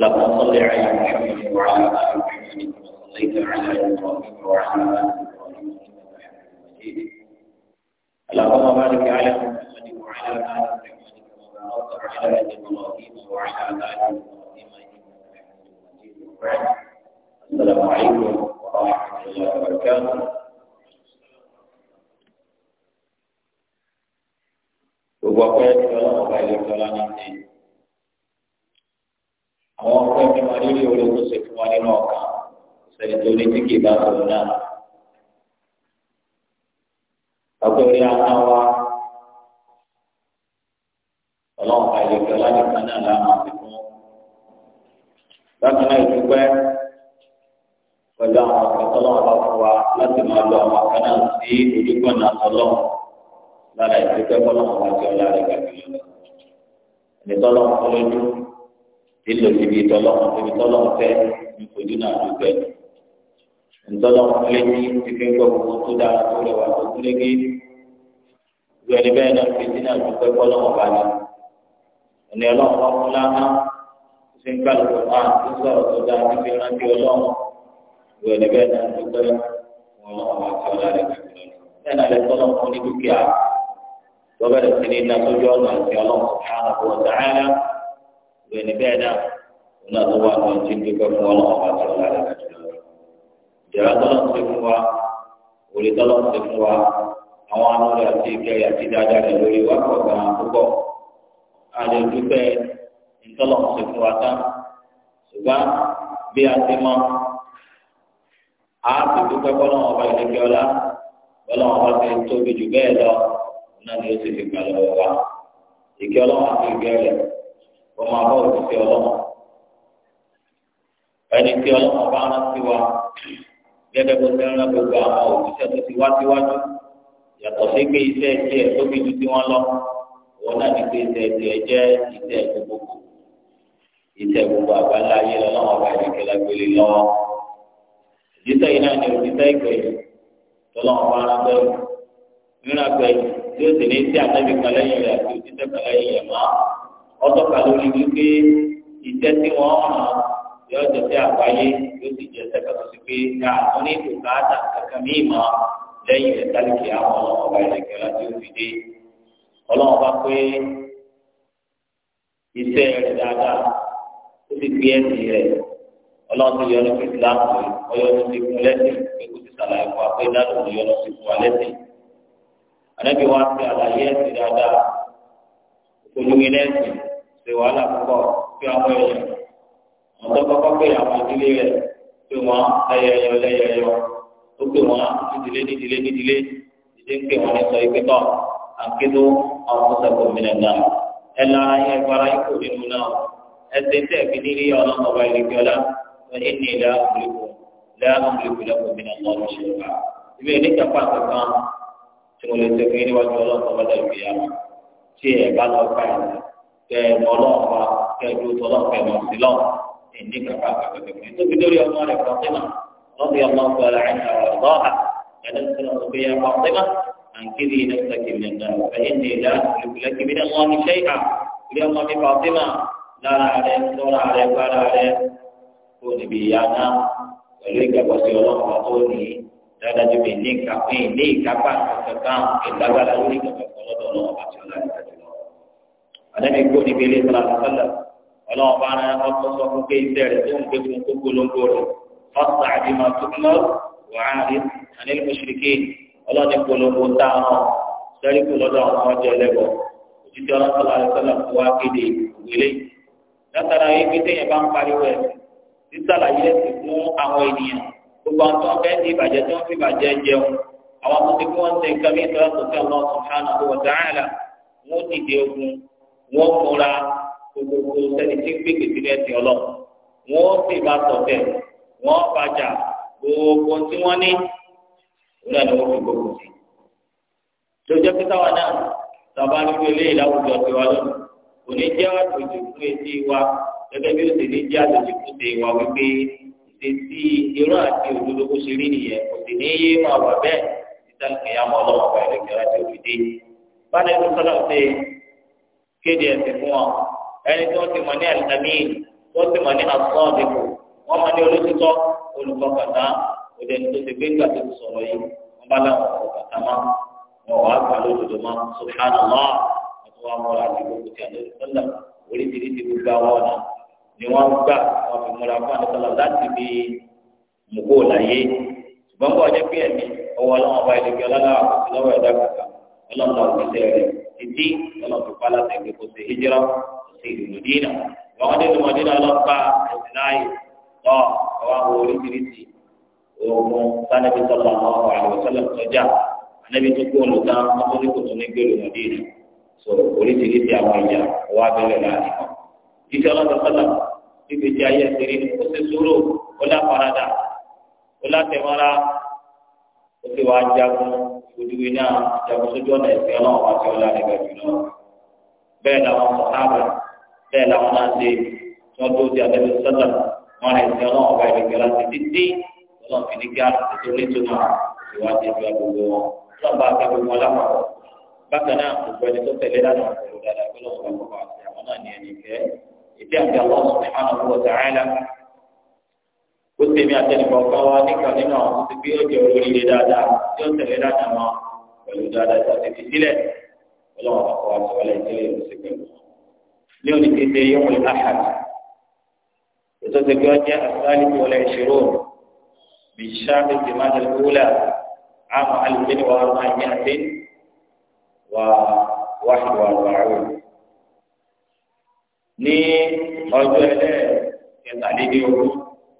اللهم صل على محمد وعلى ال محمد كما صليت على ابراهيم وعلى ال ابراهيم انك حميد مجيد اللهم بارك على محمد وعلى ال محمد كما باركت على ابراهيم وعلى ال ابراهيم انك حميد مجيد وبعد السلام عليكم ورحمه الله وبركاته gbogbo akpẹyẹ ti ọlọmọba ilé ọlọmọba ní ti àwọn ọkọ mi wà nílé orí tó ṣe fún wa nínú ọkà ìṣẹ̀lẹ̀ tó ní tí kìí bá sọ̀rọ̀ náà. Ọgbẹ́ orí aná wa ọlọ́run ká ilé ìjọba nìkan náà láàmú àti fún. Bákan náà ìdúpẹ́ pẹ̀lú àwọn akẹ́kọ̀ọ́ bá fún wa láti máa lo àwọn akẹ́ náà sí ojúkọ̀ náà tọ́lọ́run lára ìdúpẹ́ bọ́lọ́run àti ọ̀la rẹ̀ gàgbé lọ. Ẹ̀dẹ̀tọ́lọ́run tó lójú ìlò ibi tọlọ́mù ibi tọlọ́mù fẹ́ ìfojú náà ló fẹ́ ntọlọ́mù lẹ́ni ti fi ń gbọ́ gbogbo tó dára tó rẹwà tó kúlégé ìgbẹ́ni bẹ́ẹ̀ náà fi dínà tó fẹ́ kọ́lọ́mù balẹ̀ ẹni ọlọ́mù ọkùnrin láhá ti ń gbàlùkù náà tó sọ̀rọ̀ tó dáa tó fi rántí ọlọ́mù ìgbẹ́ni bẹ́ẹ̀ náà tó fẹ́ ọlọ́mù àti ọlá rẹ̀ bẹ́ẹ̀ náà lẹ́ tọ́lọ́mù ní dúkìá lọ́bẹ̀rẹ̀ sí ní iná tó jọ́ ọ̀nà àti ọlọ́mù ẹni bẹ́ẹ̀ náà náà tó wà ní ọtí pípẹ́ fún ọlọ́run ọba tó ń lára láti lọ. ìjọba tọ́lọ́ ń ṣe fún wa òrè tọ́lọ́ ń ṣe fún wa àwọn amúlẹ̀ àti ìkẹyẹ àti dáadáa rẹ̀ lórí wa pọ̀ gan-an púpọ̀. àlè dúpẹ́ ìtọ́lọ́ ń ṣe fún wa tán ṣùgbọ́n bí a ti mọ àti dúpẹ́ bọ́lọ́ ọba ìdíkẹ́ ọlá bọ́lọ́ ọba ti tóbi jù bẹ́ẹ̀ lọ náà ni ó sì fi gbà lọ́wọ́ wa ìkẹ́ ọlọ́wọ́ àti ìkẹ́ wọ́n máa bá òṣìṣẹ́ ọlọ́run ẹni tí ọlọ́run bá rán sí wa gẹ́gẹ́ bó ti rán gbogbo àwọn òṣìṣẹ́ tó ti wá síwájú yàtọ̀ sí pé iṣẹ́ tiẹ̀ tóbi ju tiwọn lọ wọn náà ní pé iṣẹ́ tiẹ̀ jẹ́ iṣẹ́ gbogbo iṣẹ́ gbogbo àgbáńlá ayé lọ́wọ́ ọba ìdíkẹ́ lágbélé lọ́wọ́ ìdíṣẹ́ yìí náà ni òṣìṣẹ́ ìgbẹ̀yìn tọ́lọ́wọ́ bá rán bẹ́ẹ̀ nínú àgbẹ̀yìn tí ó sì ní sí àtẹ́bí kan lẹ́yìn rẹ̀ àti òṣìṣẹ́ kan ọtọ́ka lórí wípé iṣẹ́ tí wọ́n hàn yóò jẹ́ sí àgbáyé yóò sì jẹ́ sẹ́kọ̀ tó ti pé ní àwọn ní bùkátà kankan mí mọ́ lẹ́yìn rẹ̀ sálíkì àwọn ọlọ́mọba ìrẹ̀kẹ́ láti òfin dé ọlọ́mọba pé iṣẹ́ rẹ̀ dáadáa ó sì gbé ẹ̀sìn rẹ̀ ọlọ́run ti yọ rẹ̀ ọyọ́ lẹ́sìn pé ti sàlàyé fún wa pé yọ wa lẹ́sìn. ti àlàyé ẹ̀sìn ṣe wàhálà púpọ̀ kí àwọn èèyàn wọn tó kọ́kọ́ pé àwọn ìdílé rẹ̀ pé wọ́n lẹ́yẹyọ lẹ́yẹyọ ó pè wọ́n nídìlé nídìlé nídìlé ìdí ń pè wọ́n ní sọ ìpè tán àkédó àwọn mọ́sàkó mìíràn náà ẹ lára yẹ ìpara ikú nínú náà ẹ ṣe tẹ̀ fi nílé ọ̀nà ọba ìrìnkìọ́lá wọ́n ní ní ìlà àmúlẹ̀kù ìlà àmúlẹ̀kù lẹ́kọ̀ọ́ mìíràn náà ló ṣe wà. ibi ìní kápá kankan tí mo lè ṣe fún yín níwájú ọlọ́run ọba dàbí yàrá tí kẹ mọlọ́ọ̀fà kẹ ju tọlọ́ọ̀fà mọ̀ sí lọ ẹni kàkà kàkà kàkà ẹni tóbi lórí ọmọ rẹ Fatima lọ́dún yà máa ń gbọ́ra ẹni àwọn ọ̀dọ́ ha ẹni tó ń sọ pé yà Fatima àǹkìrì iná sàkì mi nà ẹ̀yìn ní ìlà ìlúkulẹ̀ kìbi ní ọmọ mi ṣẹ́yà lórí ọmọ mi Fatima lára rẹ lọ́ra rẹ gbára rẹ kó níbi ìyá pẹ̀lú ìgbàgbọ́sí ọlọ́mọ tó ní dáadáa ju mi ní ìkápá ìkápá kankan ìlágbára lórí kankan lọ́dọ̀ ọlọ́mọ àti ọlọ́mọ ànábi kó níbi ilé sàlàsàlà ọlọ́wọ́n bá ara wọn tó sọ fún pé iṣẹ́ rẹ̀ tó ń gbé fún kókó ló ń bọ̀ rẹ̀ fọ́sà àbí máa tó ń lọ wàhálà rí àní mùsùlùkì ọlọ́ọ̀ni polówó tá a hàn sẹ́rí kù àwọn ọjọ́ ẹlẹ́bọ̀ òjijì ọlọ́sọ̀lá àlùsọ̀lá fún wa kéde ìwélé látara yìí pété yẹn bá ń pariwo ẹ̀ sísàlàyé ẹ̀sìn fún àwọn ènìyàn gbogbo àwọn tó ń fẹ́ tó ń fi ìbàjẹ́ jẹun àwọn tó ti kí wọ́n ṣe nǹkan bí ìtọ́lá tó fẹ́ lọ sùn hánà tó wọ̀ dáhàlà wọ́n dìde ogun wọ́n múra gbogbo sẹ́ni tí ń gbégbé sílẹ̀ ẹ̀sìn ọlọ́run wọ́n sì bá sọ̀tẹ̀ wọ́n bàjá gbogbo tí wọ́n ní ìlú ẹ̀dọ́ fi gbogbo sí. lójó pété wa náà sábà ní wọlé ìlàwùjọ ti wa lónìí kò ní jẹ́ àjòjì fún etí wa gẹ́gẹ́ bí ó sì ní jẹ́ àjòjì fún ti wa wípé ìṣesí irú àti òdodo bó ṣe rí nìyẹn kò sì ní yé máa wà bẹ́ẹ̀ títà ìkẹyàmọ́ ọlọ́wọ́ kéde ẹsẹ fún wọn ẹni tí wọn ti mọ ní alamin tí wọn ti mọ ní asọọdìbò wọn mọ ní olótìtọ olùkọkàtà òde tó ti gbé gbàtó ti sọ̀rọ̀ yìí wọn bá láwọn kọkàtà má wọn wàá gbà lódodo má subhanallah wọn tún wàá múra àti gbogbo tí a lè sọlá oríṣiríṣi gbogbo àwọn ọ̀nà ni wọn gbà wọn fi múra fún àdókòlá láti fi mùkó láyé ṣùgbọ́n bọ́ọ̀ pé ẹ̀mí ọwọ́ ọlọ́wọ́n bá ẹ̀dẹ́gbẹ́ ọlọ́lá àkọsílọ́wọ́ ẹ̀dá ìdí ọlọ́run pa láti ẹgbẹ́ kó ṣe hijira sí ìlú Mẹdínà wọn dé ìlú Mẹdínà ọlọ́pàá ẹ̀sìn láàyè tọ́ ọwọ́ àwọn oríṣiríṣi oògùn sanabi sọlọ àwọn àlùsọlọ sọjà anabi tó kó olùtá ọkùnrin kò tún ní gbèrú Mẹdínà so oríṣiríṣi àwọn ìjà ọwọ́ abẹ́rẹ́ láàyè kan ìṣe ọlọ́run sọlọ níbi tí ayé ẹsẹ̀ rí kó ṣe ó lá farada ó lá tẹ̀mọ́ra ó sì wá jagun ojúwe náà jagun sójú ọ̀nà ẹ̀sìn ọlọ́run wá sí ọlá nígbà jùlọ bẹ́ẹ̀ làwọn sọ̀hábà bẹ́ẹ̀ làwọn náà ṣe tí wọ́n tó di abẹ́lé sọ́tà wọn rẹ̀ ẹ̀sìn ọlọ́run ọba ìrìnkẹ́ láti títí ọlọ́run fi ní kí á tó rí tó náà ìwádìí ìgbà gbogbo wọn ọlọ́run bá ká gbogbo wọn bákan náà gbogbo ẹni tó tẹ̀lé ó tèmi àtẹnukọ ká wa níkan nínú àwọn tó ti gbé ọjọ́ oríire dáadáa tí ó tẹ̀lé dáadáa wọn pẹ̀lú dáadáa tí a ti fi sílẹ̀ Ọlọ́run àkọ́kọ́ àti wọlé ìdílé ìlú sí pẹ̀lú ní òní kété yọmọ ìlàhàd ètò ti gbé ọjọ́ àtúrálì tí wọlé ìṣòro bìṣáàbì ti máa tẹ̀lé wúlà àmọ́ alùpùpù wa máa yẹ àti wà wáhì wà ní ọjọ́ ẹlẹ́ẹ̀kẹtàlélógún.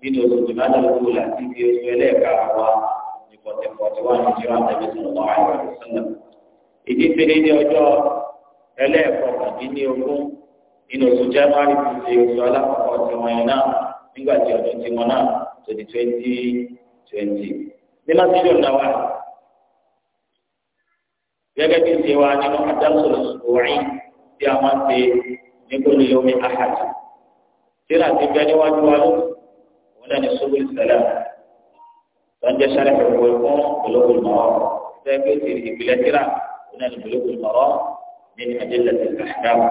nínú oṣù jùmọ́tò lóko láti fi oṣù ẹlẹ́ẹ̀ka wa ní pọ̀tẹ́pọ̀tẹ́ ní jíra tẹ̀lé sọ̀rọ̀ lọ́wọ́ àyọ̀ ìṣẹ̀lẹ̀. ìdí péré ní ọjọ́ nínú oṣù ti ṣe oṣù alákọ̀ọ́kọ́ ti wọn yẹn náà nígbà tí ọdún ti wọn náà gẹ́gẹ́ bí ṣe nínú wọn ní sọgbọn ìsẹlẹ wọn jẹ sẹlẹ fẹwẹ fún gbólógbòlù mọrọ bẹ́ẹ̀ bí o ti ìpìlẹ̀ tíra wọn ní gbólógbòlù mọrọ ní àjẹlẹ ti àṣàm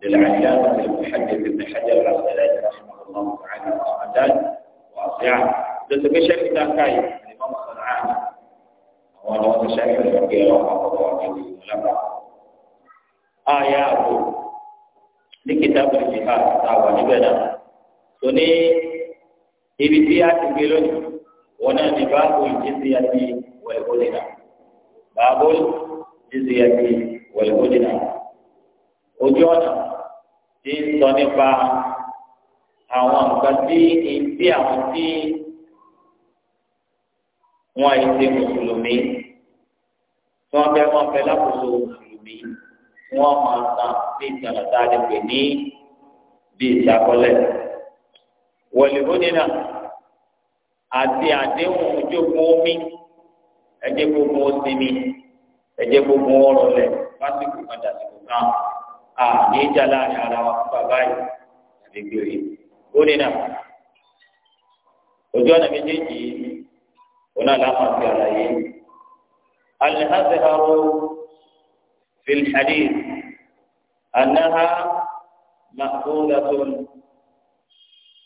للعلامة المحدث ابن حجر العسقلاني رحمه الله تعالى رحمة واسعة. لسه في شيخ ذاكاي الإمام الصنعاني وأنا متشكر لك يا رحمة الله عليه آيات لكتاب الجهاد تعالى بنا سنين ibi tí a ti gbé lónìí wọn náà ní báàbò ìjíṣẹ́yàtì wẹ̀lẹ́kọ́dínà báàbò ìjíṣẹ́yàtì wẹ̀lẹ́kọ́dínà ojú ọ̀nà ti ń sọ nípa àwọn nǹkan tí ìdí àwọn tí wọn àyè ṣe mùsùlùmí tí wọn fẹ́ wọn fẹ́ lákòóso mùsùlùmí wọn máa san bí ìtàn àtàlẹ́ pè ní bí ìṣàkọlẹ̀ wọlébónínà àti àdéhùn ojókòó omi ẹjẹ gbogbo osinmi ẹjẹ gbogbo ọrọlẹ lásìkò kan dàsìkò kan àmì ìjà láàrin ara wa fún bàbá yìí àgbègbèrè bónínà ojú ọ̀nà méjèèjì ọ̀nà làmàfi àlàyé alhazharu fi alhadith annaha ma'qulatun.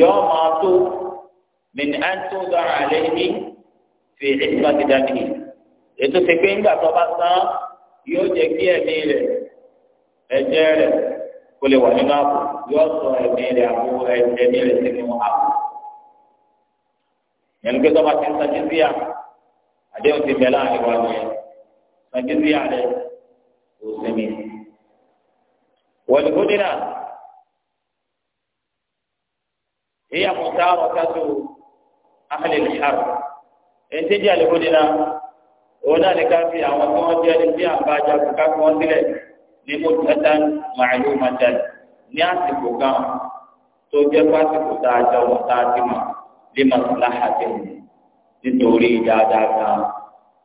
yọọ máa tó mìíní à ń tó dára àlẹ́ ní fi ìtura gidá nìyí ètò ti pé ńgbà tó bá tán yóò jẹ kí ẹ̀mí rẹ̀ ẹ̀jẹ̀ rẹ̀ kó lè wà nínú àpò yóò sọ ẹ̀mí rẹ̀ àpò ẹ̀mí rẹ̀ sínú àpò yẹn gbé tọ́ba ti ń sa jíríà àdéhùn ti bẹ̀ láàrin wa nìyẹn sa jíríà rẹ̀ kò sinmi wọ́n ti kó dínà. هي مشاركة أهل الحرب إن تجي لبننا هنا لكافي أو كما جاء لبيع باجا كاك وانزل لمدة معلومة ناسك كام توجه فاسك تاجا وتاتما لمصلحة nítorí dáadáa kan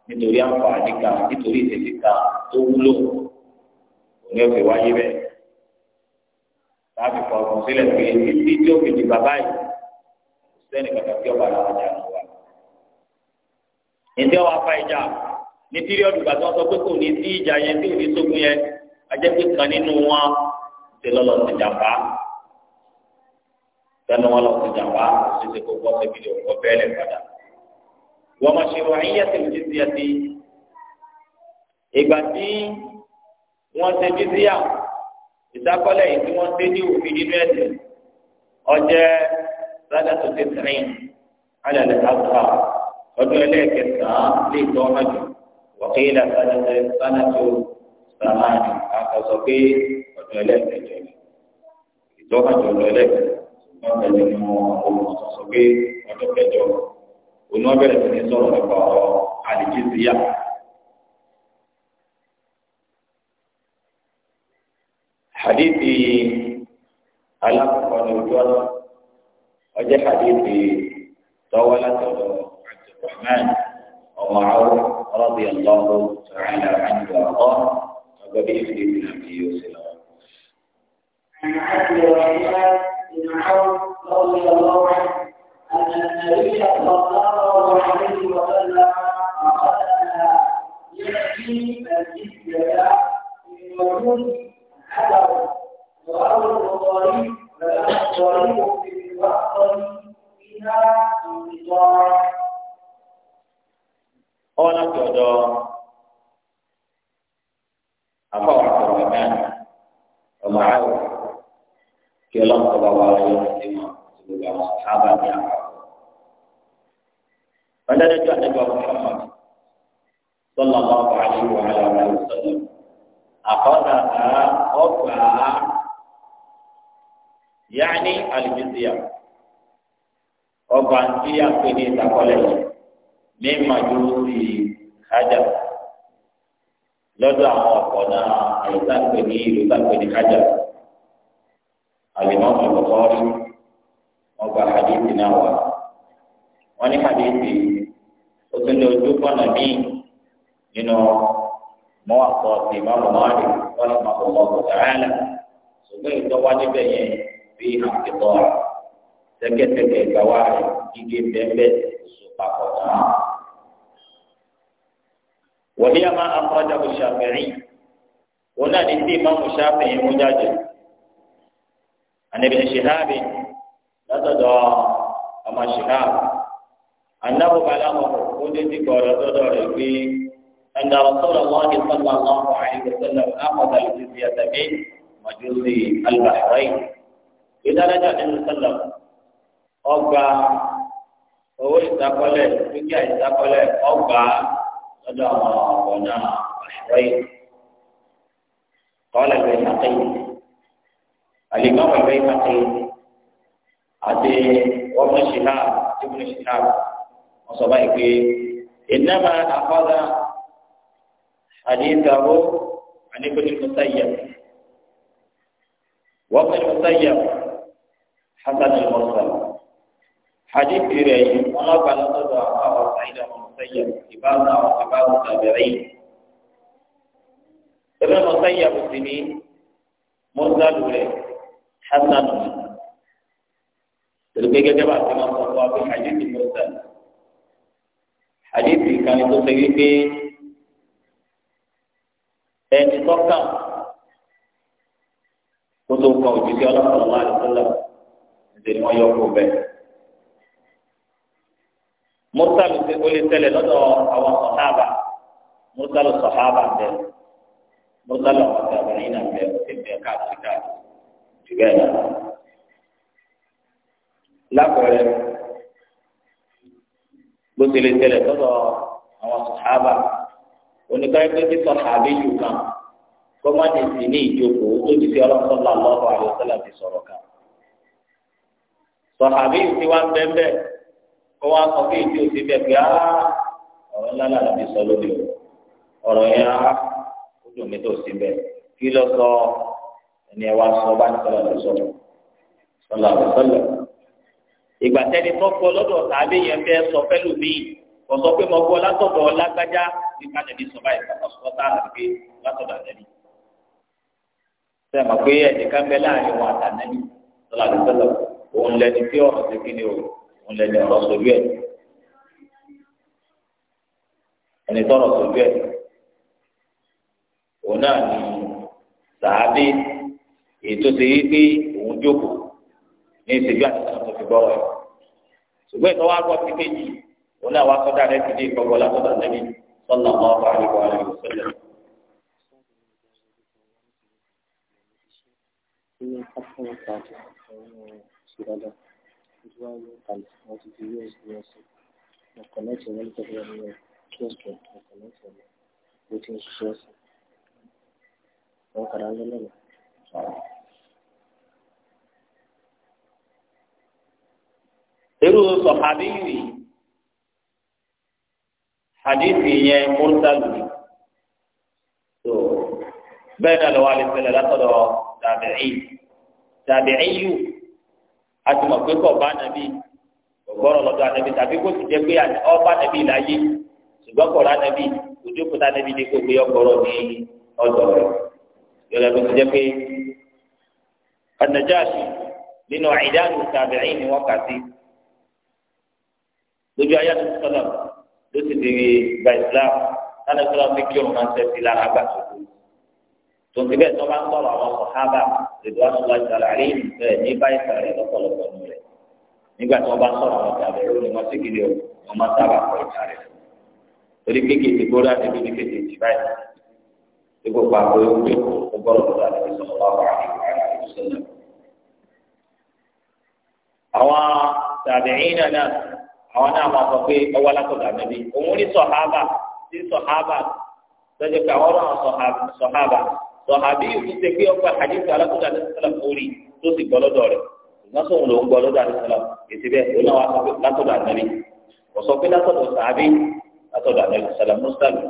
nítorí àǹfààní kan nítorí ìtẹ̀sí kan tó wúlò òun láti kọ ọdún sílẹ̀ pé títí tí ó fi di bàbá yìí sẹ́ni kàkà tí ọba làwọn jà lọ wa. ǹjẹ́ wàá fa ìjà ní píríọ̀dù gbàtí wọ́n sọ pé kò ní sí ìjà yẹn tí ò ní sógun yẹn ajẹ́ pé kan nínú wọn ti lọ́lọ́ sí jàmbá sẹ́nu wọn lọ sí jàmbá ṣíṣe kó bọ́ síbi lè wọ́ bẹ́ẹ̀ lẹ̀ padà. wọ́n máa ṣe wáyé yẹ́sẹ̀ lójú sí ẹtì ìgbà tí wọ́n ṣe bí ìdákọ́lẹ̀ yìí tí wọ́n ṣe ní òfin nínú ẹ̀sìn ọjẹ́ rádàtò ti sẹ́yìn alẹ́ àgbà ọdún ẹlẹ́ẹ̀kẹsàn-án lè tọ́ ọmọ jù wọ́kẹ́lá sánàtò sàmánì àkọsọ pé ọdún ẹlẹ́ẹ̀kẹjọ ni ìtọ́ka jọ ọdún ẹlẹ́ẹ̀kẹjọ wọn bẹ̀rẹ̀ ní wọn sọ pé ọdún kẹjọ òun náà bẹ̀rẹ̀ sí ní sọ̀rọ̀ nípa ọ̀rọ̀ àdìjíṣìyà. alákọ̀ọ́ ní ojú ọ̀nà ọjọ́ hadithi tọ́wọ́ láti ọ̀dọ̀ abdulrahman ọmọ àwọn ọlọ́dún yẹn lọ́wọ́ sàrànlá àjọ ọ̀kọ́ ọgbẹ́ bí ìfìdí ti nà bí yóò ṣe lọ. أن النبي صلى الله عليه وسلم أخذنا يحيي الجزية من وجود عدم وأول الضريب الضريب في الوقت فيها انقطاع قال الجودة أخو عبد الرحمن ومعاوية في لحظة بوارية لما سبب الصحابة يعرفون فلذا جاء النبي محمد صلى الله عليه وعلى آله وسلم أخذها أخذها yaani alimisiya ọgbà tí a pè ní ìtakọ́lẹ̀ yìí ní màjúrì hajar lọ́dọ̀ àwọn ọ̀pọ̀ náà àyíká pè ní ìlú tá pè ní hajar alimọ́ ọ̀pọ̀kọ́rí ọgbà hadithi náà wà wọ́n ní hadithi ó tún lè ojú pọ̀nà míì nínú mọ́wàkọ́ ti ìmáàmù Malik wọ́n ti máa bọ̀ ọ̀pọ̀ tààlà ṣùgbọ́n ìtọ́wá níbẹ̀ yẹn. فيها قطاع سكتك كواعب يجيب بمبت سوق وهي ما أخرجه الشافعي هنا نسي إمام الشافعي مجاجد عن ابن شهاب لا تدعى أما شهاب أنه بلغه قلت قال تدعى أن رسول الله صلى الله عليه وسلم أخذ الجزية من مجوس البحرين ìdáradà nínú sọlọ ọgbà owó ìdákọlẹ dúkìá ìdákọlẹ ọgbà lọ́dọ̀ àwọn ọgbọnà àṣọyé kọlẹ bẹ́ẹ̀ nàkẹ àlìmọ bẹ́ẹ̀ nàkẹ àti wọmọ ṣìlá tìmọ ṣìlá wọn sọ báyìí pé ìnáma àkọlá àdìsàwọ àníkùnrin mùsáyà wọ́n fẹ́ mùsáyà hasan al-mursal hadithi rẹ̀ yìí wọn lọ gbà lọ́sọ̀dọ̀ àwọn àwọn sàyìn àwọn sẹyìn ìbámu àwọn ìbámu tàbẹrẹ yìí ìbámu sẹyìn àbùsì ni mọ́sálù rẹ̀ hasan tẹlifẹ gẹ́gẹ́ bá ti máa ń sọ fún wa pé hadithi mọ́sálù hadithi kan tó ṣe wípé ẹni tọ́ka kó tó kọ òjijì ọlọ́pàá lọ́wọ́ àdìsọ́lọ́pàá ṣe ni wọ́n yọ kó bẹ́ẹ̀. mọ́sálù ṣe ó lè tẹ̀lé lọ́dọ̀ àwọn sọ̀hábà mọ́sálù sọ̀hábà bẹ́ẹ̀ mọ́sálù àwọn sọ̀hábà yìí náà bẹ́ẹ̀ ó ti bẹ́ẹ̀ káàkiri káàkiri jù bẹ́ẹ̀ lọ. lápẹ̀rẹ̀ bó ti lè tẹ̀lé lọ́dọ̀ àwọn sọ̀hábà oníkàyọ̀ pé kí sọ̀hábà yìí kan kọ́mọ́tì sí ní ìjókòó tó ti fi ọlọ́sọ̀lá lọ́wọ́ àyọ̀sọ́lá ti sọ̀rọ̀ kan sọ̀hábí ti wá ń bẹ́ẹ̀ bẹ́ẹ̀ kó wá sọ fún ìdí òsì bẹ́ẹ̀ pé á ọ̀rọ̀ ńlá làlá mi sọ lóde o ọ̀rọ̀ yẹn á ó dùn mí tó sí bẹ́ẹ̀ kí lọ sọ ẹni ẹ wá sọ bá ní sọlá lọ́sọ̀ sọlá lọ́sọ̀lọ̀ ìgbà tẹ́ni tó kọ lọ́dọ̀ sàbí yẹn fẹ́ sọ fẹ́lú mi kò sọ pé mo gbọ́ látọ̀dọ̀ lágbájá nípa nàbí sọ̀bá ìfọ̀kànsọ́tà àti látọ̀dọ̀ àtẹ́bí sẹ́ẹ̀ mọ̀ pé ẹ̀jẹ̀ òun lẹni tí ọ̀rọ̀ ti kí ni o òun lẹni ọ̀rọ̀ sojú ẹ̀ ẹni tọrọ sojú ẹ̀ òun náà ni sàábì ètò ṣe yí pé òun jókòó ní ìṣèjú àti ìṣàn tó fi bọ́ ẹ̀ ṣùgbọ́n ìtọ́wá gbọ́ sí méjì òun náà wá sọ́dà rẹ̀ ti dé ìkọ́gbọ́ látọ̀dà lẹ́yìn sọ́nà ọmọ ọ̀fà àríwá rẹ̀ ṣẹlẹ̀. Thank you sí dáadáa ojú wa ló kalẹ̀ wọ́n ti fi usb ọ̀sẹ̀ mo kọ̀nẹ́tì wọn nítorí wọn ní kíọ̀sì mo kọ̀nẹ́tì wọn bó ti ń ṣiṣẹ́ ọ̀sẹ̀ wọn padà ń lọ lọ́nà. irú sọ̀hábí yìí hadithi yẹn mursalu so bẹ́ẹ̀ náà lọ́wọ́ alẹ́ sẹ́lẹ̀ látọ̀dọ̀ tàbí'í tàbí'í yìí àti mọ̀ pé kọ̀ bá nàbí ọgbọ́rọ̀ lọ́dọ̀ ànàbí tàbí kó sì jẹ́ pé ọba nàbí láyé ṣùgbọ́n kọ̀ọ̀rọ̀ ànàbí òjòkúta nàbí ni kò gbé ọkọ̀rọ̀ ní ọ̀dọ̀ rẹ̀ yọ̀rọ̀ tó ti jẹ́ pé An-Najashi nínú àìdáàlú tàbíyìn ni wọ́n kà sí lójú ayé àtúntò sọ́dọ̀ ló ti di gba Islam lánàá sọ́dọ̀ fi kí òun máa ń sẹ́sì lára àgbà tonti bẹ́ẹ̀ tó bá ń sọ̀rọ̀ àwọn sọhábà ètò àṣùwà ìsàlẹ àlẹ ìfẹ́ ní báyìí sàrẹ lọ́pọ̀lọpọ̀ nù rẹ nígbà tí wọn bá àwọn wọn máa sábà kọ torí kékeré gbódà ti kékeré ti báyìí tí kò pa sọ̀hábí yìí ṣe pé ọgbà hadith alákùnrin àti sàlám orí tó sì gbọ́ lọ́dọ̀ rẹ̀ ṣùgbọ́n sóun ló ń gbọ́ lọ́dọ̀ àti sàlám èsì bẹ́ẹ̀ ló náà wá sọ látọ̀dọ̀ ànábì kò sọ pé látọ̀dọ̀ sàábí látọ̀dọ̀ ànábì sàlám mùsàlù.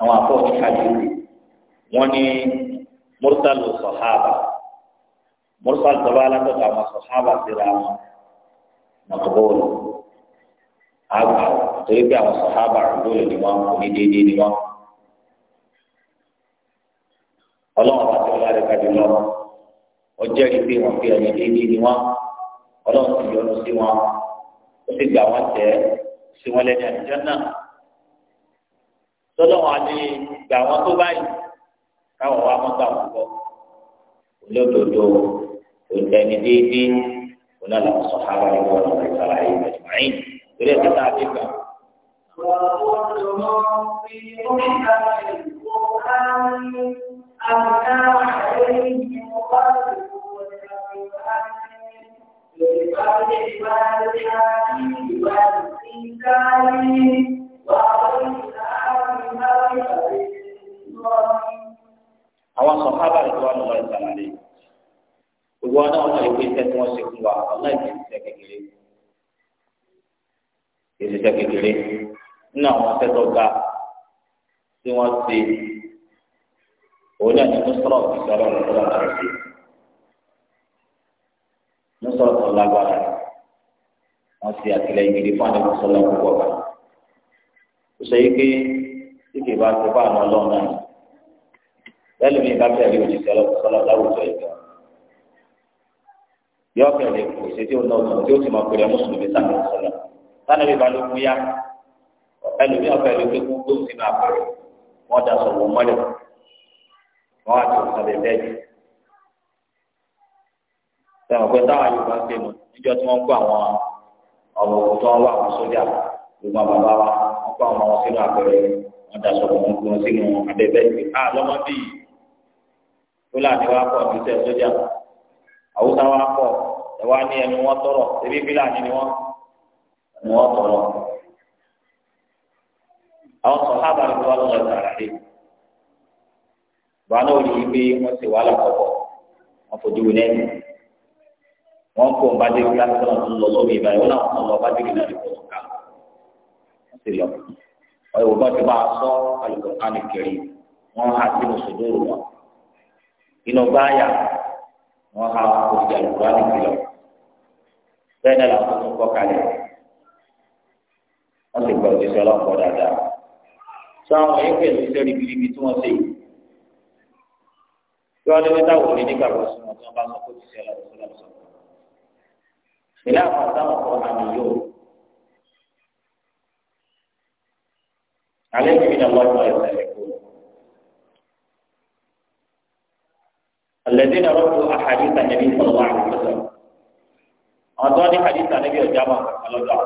àwọn afọ ní hadith wọn ní mùsàlù sọ̀hábà mùsàlù tọ́ba látọ̀dọ̀ àwọn sọ̀hábà síra wọn nàkọ́bọ̀ọ̀lù ọlọ́run bá ti ọlá rẹ̀ kájú lọ ọjọ́ rí pé wọ́n fi ẹ̀yìn déédéé ni wọ́n ọlọ́run ti yọ́nú sí wọn ó sì gbà wọ́n tẹ̀ sí wọn lẹ́ni àtijọ́ náà tọ́lọ́wọ́n á lè gbà wọ́n tó báyìí káwọn wá mọ́tà wọn bọ́ olódodo olùdẹni déédéé onála sọ̀hábà ni wọ́n lọ́ọ́ sọ̀rọ̀ ayé mẹ́tìmáyìn lórí ẹ̀ka tá a ti gbà. Wàhálà ọ̀dọ́ mọ́ fi ó ń ta ẹ̀kọ́ ká àwọn sọ̀hábà ló wà lọ́wọ́ ìsàlẹ̀ gbogbo ọ̀nà ọ̀nà ìwé iṣẹ́ tí wọ́n ṣe fún wa ọ̀nà ìwé iṣẹ́ kékeré ìṣiṣẹ́ kékeré nínú àwọn iṣẹ́ tó ga tí wọ́n ṣe òun náà ni nusrọ ìṣọrọ ìṣọrọ àrùn sí nusrọ tó lágbára wọn sì àtìlẹ́yìn gidi fún àwọn ìṣọrọ púpọ̀ kan ó sọ yìí pé tí kì í bá ti bá àwọn ọlọ́run náà lẹ́nu mi bá tẹ̀lé òjijì ọlọ́sọ́lá láwùjọ ìjọ yọ kẹlẹ kò sí tí ó náà tó tí ó sì máa pèrè mùsùlùmí sáà sọlá sáà níbi balógun yá ẹlòmíràn fẹlẹ pé kó gbóhùn sínú àpẹẹrẹ wọn da sọ̀rọ̀ mọ́lẹ̀ wọn àti ọbụla lè bẹ́ẹ̀ jù. táwọn yorùbá mọ̀ níjọ́ tí wọ́n kó àwọn ọmọ òkú sójà gbogbo àwọn bàbá wa wọ́n kó àwọn ọmọ sínú àpẹẹrẹ wọn wọn wọn sínú abẹ́bẹ́ a lọ́mọ fúlàní wa pọ̀ ní sójà haúsá wa pọ̀ ẹ wá ní ẹnu wọn tọrọ wa náà rí i pé wọ́n ti wàhálà kọ̀kọ̀ wọ́n fojú wí lẹ́yìn wọ́n kó ń bájú kí lásìkò náà tún lọ lórí ìbáyìí wọ́n náà tún lọ bájú kí náà lè kó lọ́ka wọ́n ti lọ. ọ̀yọ̀ ògbọ́n ti bá sọ Al-Qur'an Al-Karim wọ́n há sínú sòdóòrò wọn inú báyà wọ́n há òjì Al-Qur'an Al-Karim bẹ́ẹ̀ náà làwọn tuntun kọ́ kalẹ̀ wọ́n ti gbọ́ òjì sọ́lọ́ pọ̀ dáadáa. sọ àwọn èèyàn pẹ̀lú iṣẹ́ ribiribi tí wọ́n ṣe yìí kí wọ́n lé táwọn òní nígbà tó sùn wọn tí wọ́n bá sọ kó ti ṣe ọlọ́run tó lọ́sọ̀. ìlà àwọn àtàwọn ọkọ àmì yóò. alẹ́ kìí ní ọlọ́run ẹ̀sẹ̀ rẹ̀ kú. الذين ردوا أحاديث النبي صلى الله عليه وسلم أعطاني حديث النبي وجامع على الله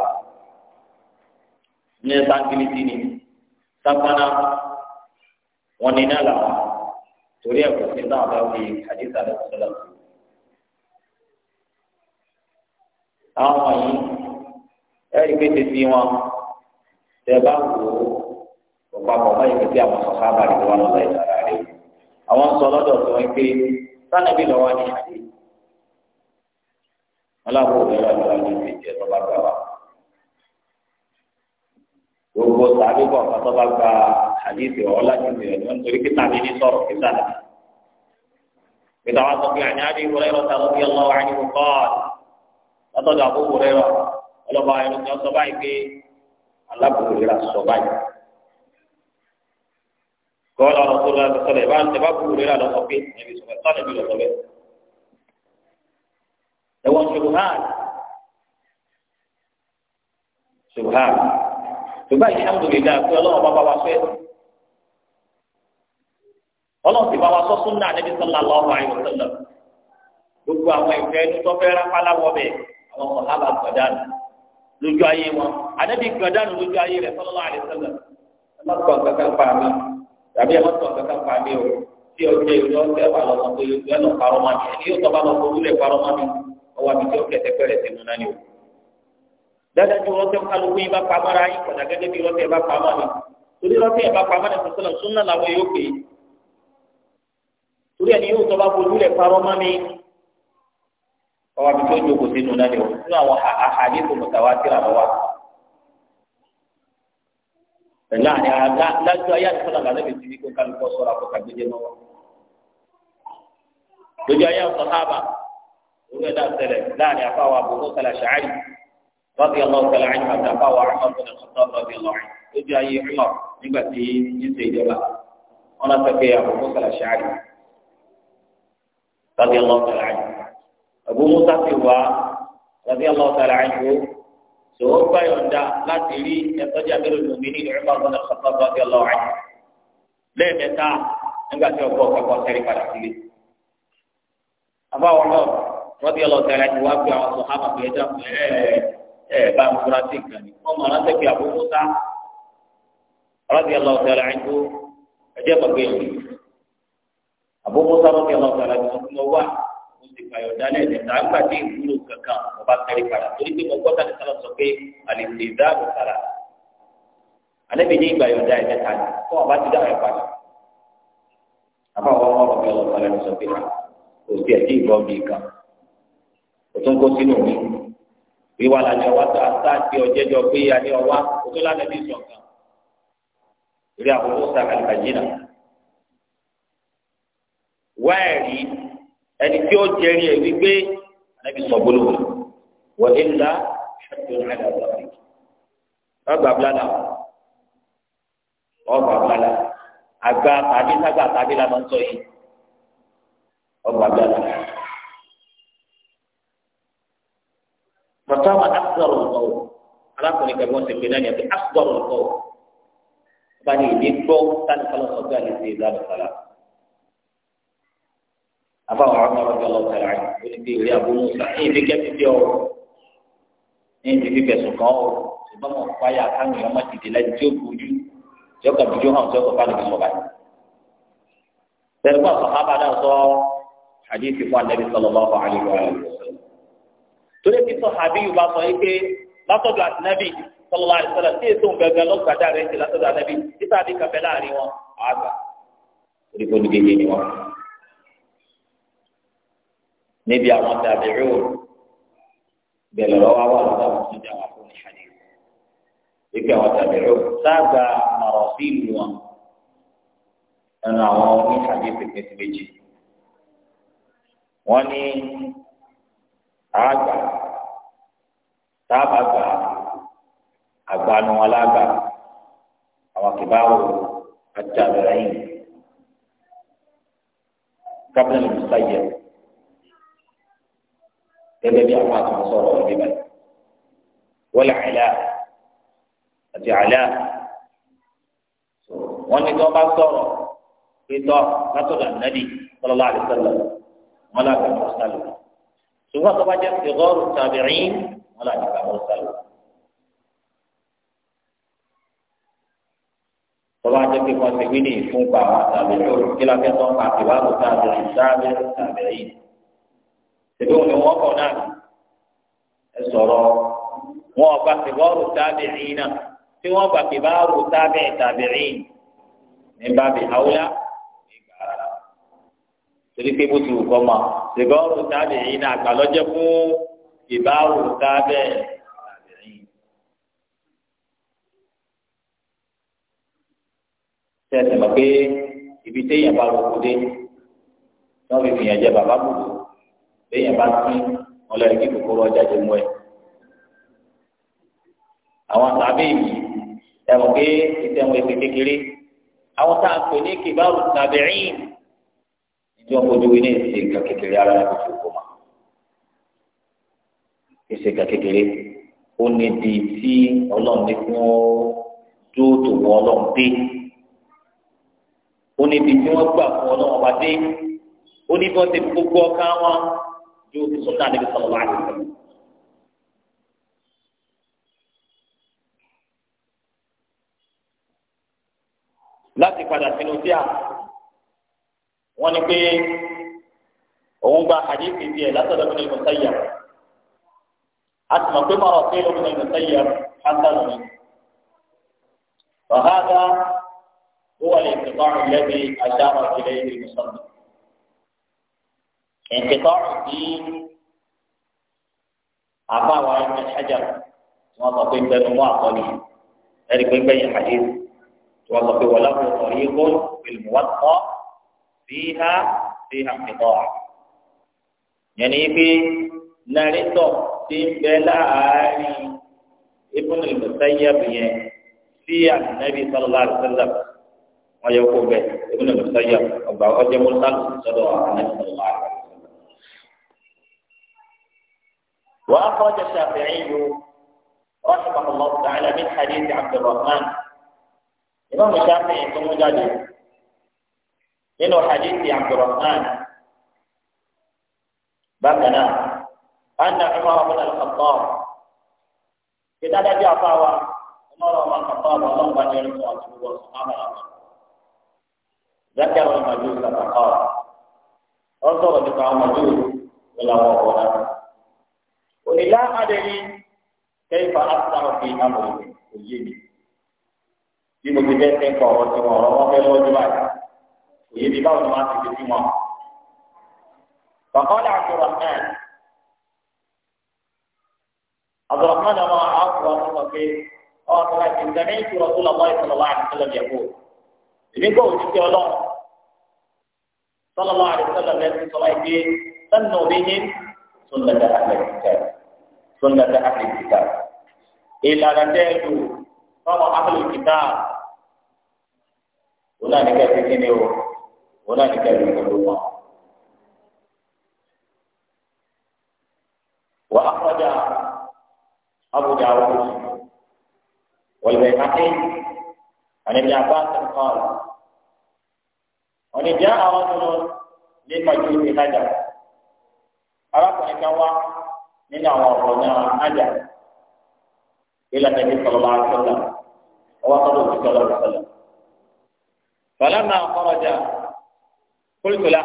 من سانكليتيني سانكنا ونينا لهم torí ẹ̀kọ́ sí náà bá fi àdìsá lọ sọ́lá. àwọn wọ̀nyí ẹ̀rí pété sí wọn tẹ bá wò ó ọ̀pọ̀ àpọ̀ báyìí pété àwọn sọ̀ká abàrẹ̀ wọn lọ́la ìtara rẹ̀ àwọn sọ lọ́dọ̀ tó wọn pé sanabi lọ́wọ́ ní àdé wọn láwọn òbí wọn lọ́wọ́ ní ìfẹ̀jẹ̀ lọ́ba gbà wá gbogbo tàbí bọ̀ pátọ́ bá gba àdìsí ọ̀la ju mi rẹ̀ nítorí kí tàbí ní sọ̀rọ̀ kí sàlẹ̀. ìtàwọn sọ̀kì àní àbí ìwúrẹ́ lọ sàlọ́ bí ọlọ́wọ́ àní kò kọ́ ọ̀ lọ́tọ̀dọ̀ àbúrò rẹ̀ lọ ọlọ́ba ẹ̀rọ ti sọ báyìí pé alábòrò rẹ̀ sọ báyìí. gọ́ọ̀lá ọ̀sọ̀rọ̀ sọ̀rọ̀ ìbá ìbábòrò rẹ̀ lọ pé ẹ̀mí sọ̀rọ̀ sọ̀rọ̀ ṣùgbọ́n alhamdulillah pé ọlọ́run bá bá wa fẹ́ ọlọ́run ti bá wa sọ súnà níbi sallallahu alaihi wasallam gbogbo àwọn ìfẹ́ ẹni tó fẹ́ rápálá wọ bẹ́ẹ̀ àwọn sàhábà gbọ̀dánù lójú ayé wọn ànábì gbọ̀dánù lójú ayé rẹ̀ sallallahu alaihi wasallam ẹ má tọ̀ kankan pa mi tàbí ẹ má tọ̀ kankan pa mi o tí ọjọ́ ìlú ọ̀sẹ̀ wà lọ́sọ̀ pé ẹ lọ parọ́ mọ́ mi ẹni yóò tọ́ bá lọ sọ wúlẹ̀ parọ́ mọ́ mi ọwọ́ àbíkẹ́ ọ̀kẹ́ tẹ́pẹ́rẹ́ tẹ̀mú náà ni o dáadáa ju rọtẹ kálukú yín bá pamọ́ ara yín kọ̀dà gẹ́gẹ́ bí rọtẹ bá pamọ́ mi torí rọtẹ bá pamọ́ ní sọ́sọ́nà súnà làwọn yóò pè é torí ẹni yóò tọ́ba fojú rẹ̀ parọ́ mọ́ mi ọba bí tó ń jókòó sínú náà ni o nínú àwọn àhàdí tó mọ̀tàwá síra lọ́wọ́ láàrin àgbà lájú ayé àti sọ́nà làlẹ́ bìtì kó kálukú sọ̀rọ̀ àkókò àgbẹ̀jẹ̀ lọ́wọ́ lójú ayé àwọn sọ̀hábà olú ẹ̀dá sẹlẹ̀ láàrin àfáwà àbúrò sàlàṣà àyè رضي الله تعالى عنه وتعفى عمر بن الخطاب رضي الله عنه ojú ayé umar nígbà tí yíṣe ìjọba wọn lọ sọ pé Abu Musa al-Ash'ari radiyallahu ta'ala anhu Abu Musa ti wá radiyallahu ta'ala anhu tó ó gbàyọ̀ǹda láti rí ẹ̀tọ́jú abẹ́rẹ́ lómìnir Umar ibn al-Khattab radiyallahu anhu ẹ bá ń fura sí nǹkan ni wọn máa rántí pé àbúrò sá alábi aláwọ tẹlẹ àìkú ẹjẹ gbàgbé yìí àbúrò sá alábi aláwọ tẹlẹ àìkú wọn lọ wà mo sì fàyọ dálẹ ẹdẹta àgbà tí ìwúlò kankan mo bá tẹrí padà torí pé mo gbọ́ tani sálọ sọ pé àlèsè dáàbò sára alẹ́bi ní ìgbà yọ̀dá ẹ̀dẹ́ta ni fún ọba ti dáhùn ẹ̀ padà àbá wọn wọn rọ̀bì ọlọ́pàá lẹ́nu sọ pé ah, kò sí ẹ̀ tí ìbọn bì kan kò tún kó sínú mi ìwà làní ọwá tó àtàkì ọjẹjọ pé àní ọwá kótó lánàá bí kan ìrẹ àkókò sàkàlì kàjínà wáyẹ̀rì ẹni tí ó jẹ́rìí ẹ̀ wípé ànábi sọ gbólóhùn wọ́n ti ń la ṣáàtì ọ̀nà ọgbà bláda ọgbà bláda àgbà tàbí sàgbà tàbí la máa ń sọ yìí ọgbà bláda. fatawa asọrọ nǹkan o alákùnrin kan wọn ti pè náà ní ẹgbẹ asọrọ nǹkan o bá ní ìdí gbọ sani kọlọ sọgbẹ àlè ṣe ìlú àlùfàlà àbáwọ àwọn ọmọ ọjọ ọlọpàá rẹ ó ní bí ìrírí abúlé ọsà ní ìdí kẹfì bí ọ̀rọ̀ ní ìdí fífẹ sùn kan ọ̀rọ̀ ṣùgbọ́n mo fàyà káwọn ọmọ dìde lẹ́yìn tí ó gbójú tí ó kàbí jó hàn tí ó kọ fáwọn ìbísọ báyìí. tẹ̀lé fún àṣọ àbádà sọ àdéhìí fún àdébí sọlọ́lọ́ torí ti sọ àbí yorùbá sọ yìí pé látọ̀dọ̀ àtìnábì sọlọ́lá àdìsọ́lá tí èso gbẹgbẹ lọ́gbàdá rẹ̀ ti látọ̀dọ̀ àtìnábì títà àbí kàfẹ́ láàrin wọn àgbà torí kò ní dédé ni wọn. níbi àwọn tàbí rò bẹ̀rẹ̀ lọ́wọ́ wà lọ́dọ̀ àwọn tó jà wà fún ìhàdí ìpè àwọn tàbí rò sáàgbà màrọ̀ sí ìlú wọn ẹnu àwọn oníhàdí pèpè sí méjì wọ́n ní àgbà táàbà gbà àgbàánu alága àwọn kìbáwò àti àbẹ̀rẹ̀yìn kábínẹ̀ lè sáyẹ̀ gẹ́gẹ́ bí àwọn àtúntò sọ̀rọ̀ ọ̀rọ̀ bíbẹ̀ wọlé àìlá àti àìlá wọn ní tí wọn bá sọ̀rọ̀ pétọ látọ̀dọ̀ ànábì sọlọlá àdìsẹlẹ wọn làgbà mọ sálọ ṣùgbọ́n tó bá jẹ́ ìrọ́rù tàbíyìn wọn là ní bàbá sálọ. tó bá jẹ́ pé wọ́n ti wí ní ìfúnpá àwọn tàbíyìn kí lákẹ́ tó ń pa ìwádìí tàbíyìn tàbíyìn tàbíyìn. ṣèbí òun ni wọ́n kọ̀ náà ẹ sọ̀rọ̀ wọn ọba ìrọ́rù tàbíyìn náà tí wọ́n gbà ìbáàrù tàbíyìn tàbíyìn ní bàbá àwùlá torí pé bó ti wù kọ́ ma ṣùgbọ́n ọ̀rùn táàbì yìí náà àgbà lọ́jẹ́ fún ìbá ọ̀rùn táàbì yìí. tẹ̀sí mọ̀ pé ibi téèyàn bá rò kúdé wọ́n fi fìyàn jẹ bàbá bùdó téèyàn bá tún wọn lọ kí kòkòrò ọjà jẹ mú ẹ. àwọn táàbì yìí ẹ̀ pé ìtẹ̀wọ̀n èsì kékeré àwọn táàbì ní kìbá ọ̀rùn táàbì tí wọ́n fojú ilé ìṣe nǹkan kékeré ara ní kókó kó ma ìṣe nǹkan kékeré ó ní di tí ọlọ́run ní kí wọ́n dúró tó wọ ọlọ́run dé ó ní di tí wọ́n gbà fún ọlọ́run bá dé ó ní bí wọ́n ti gbogbo ọ̀ká wọn ju sọ́nà níbi nwa wá sí i. láti padà sínú díà. wọ́n ní pé òun gba àdéhùn ìdí ẹ̀ látọ̀dọ̀ mi ní mùsáyà a sì mọ̀ pé máa wà pé lómi ní mùsáyà hasan ni wàhálà هو الانقطاع الذي أشار إليه المصنف انقطاع الدين àbáwá ẹni ṣájà wọn sọ pé bẹnu mọ àkọlé ẹni pé bẹyìn àdé wọn sọ pé wọlé wọn sọ yìí kó ìlú wọn kọ فيها فيها انقطاع يعني في نريتو تيمبلا علي ابن المسيب يعني في النبي صلى الله عليه وسلم ويقول به ابن المسيب أبا أجي ملتق صلى الله عليه وسلم وأخرج الشافعي رحمه الله تعالى من حديث عبد الرحمن الإمام الشافعي ثم جاده nínú hadithi abdulrahman bákan náà anna umar bin al-khattab kita dájú àfáwa umar bin al-khattab ọlọ́run bá jẹ́ nípa ọ̀tún gbogbo sàmà lọ́wọ́ zakaro maju sàkàkọ́ ọ sọ̀rọ̀ nípa maju ìlànà ọ̀bọ̀nà ònílá adẹ́ni kẹ́yìnfà asàrò fi amòye òye mi bí mo ti bẹ́ẹ̀ sẹ́ńkọ̀ ọ̀rọ̀ tí wọ́n rọ́ wọ́n fẹ́ lọ́jọ́ báyìí kò yé mi báwo ni wọ́n á ti fi sí wọn. bàbá Abdulrahman Abdulrahman ọmọ àkùrọ̀ ọmọ sọ pé ọmọ sọ láti ń dẹ́mi ìtura tó lọ́wọ́ ìsọ̀rọ̀ wá àdìsọ́lọ̀ yẹ̀ kó. èmi kò ní kí ọlọ́run sọlọ́wọ́ àdìsọ́lọ̀ lẹ́sìn sọ láì pé sẹ́nu òbí yín sunnata ahlil kitab sunnata ìlànà tẹ́lú fáwọn ahlil kitab wọn náà ní kẹ́sì kí ni o wọn náà ti kẹ́rin pẹ̀lú wọn. wà á kọjá abúlé àwọn والبيهقي عن ابن عباس قال وإن جاء رجل لمجوس هجر أردت أن يكون من أورنا هجر إلى النبي صلى الله عليه وسلم وصلوا صلى الله عليه وسلم فلما خرج kólítọ́lá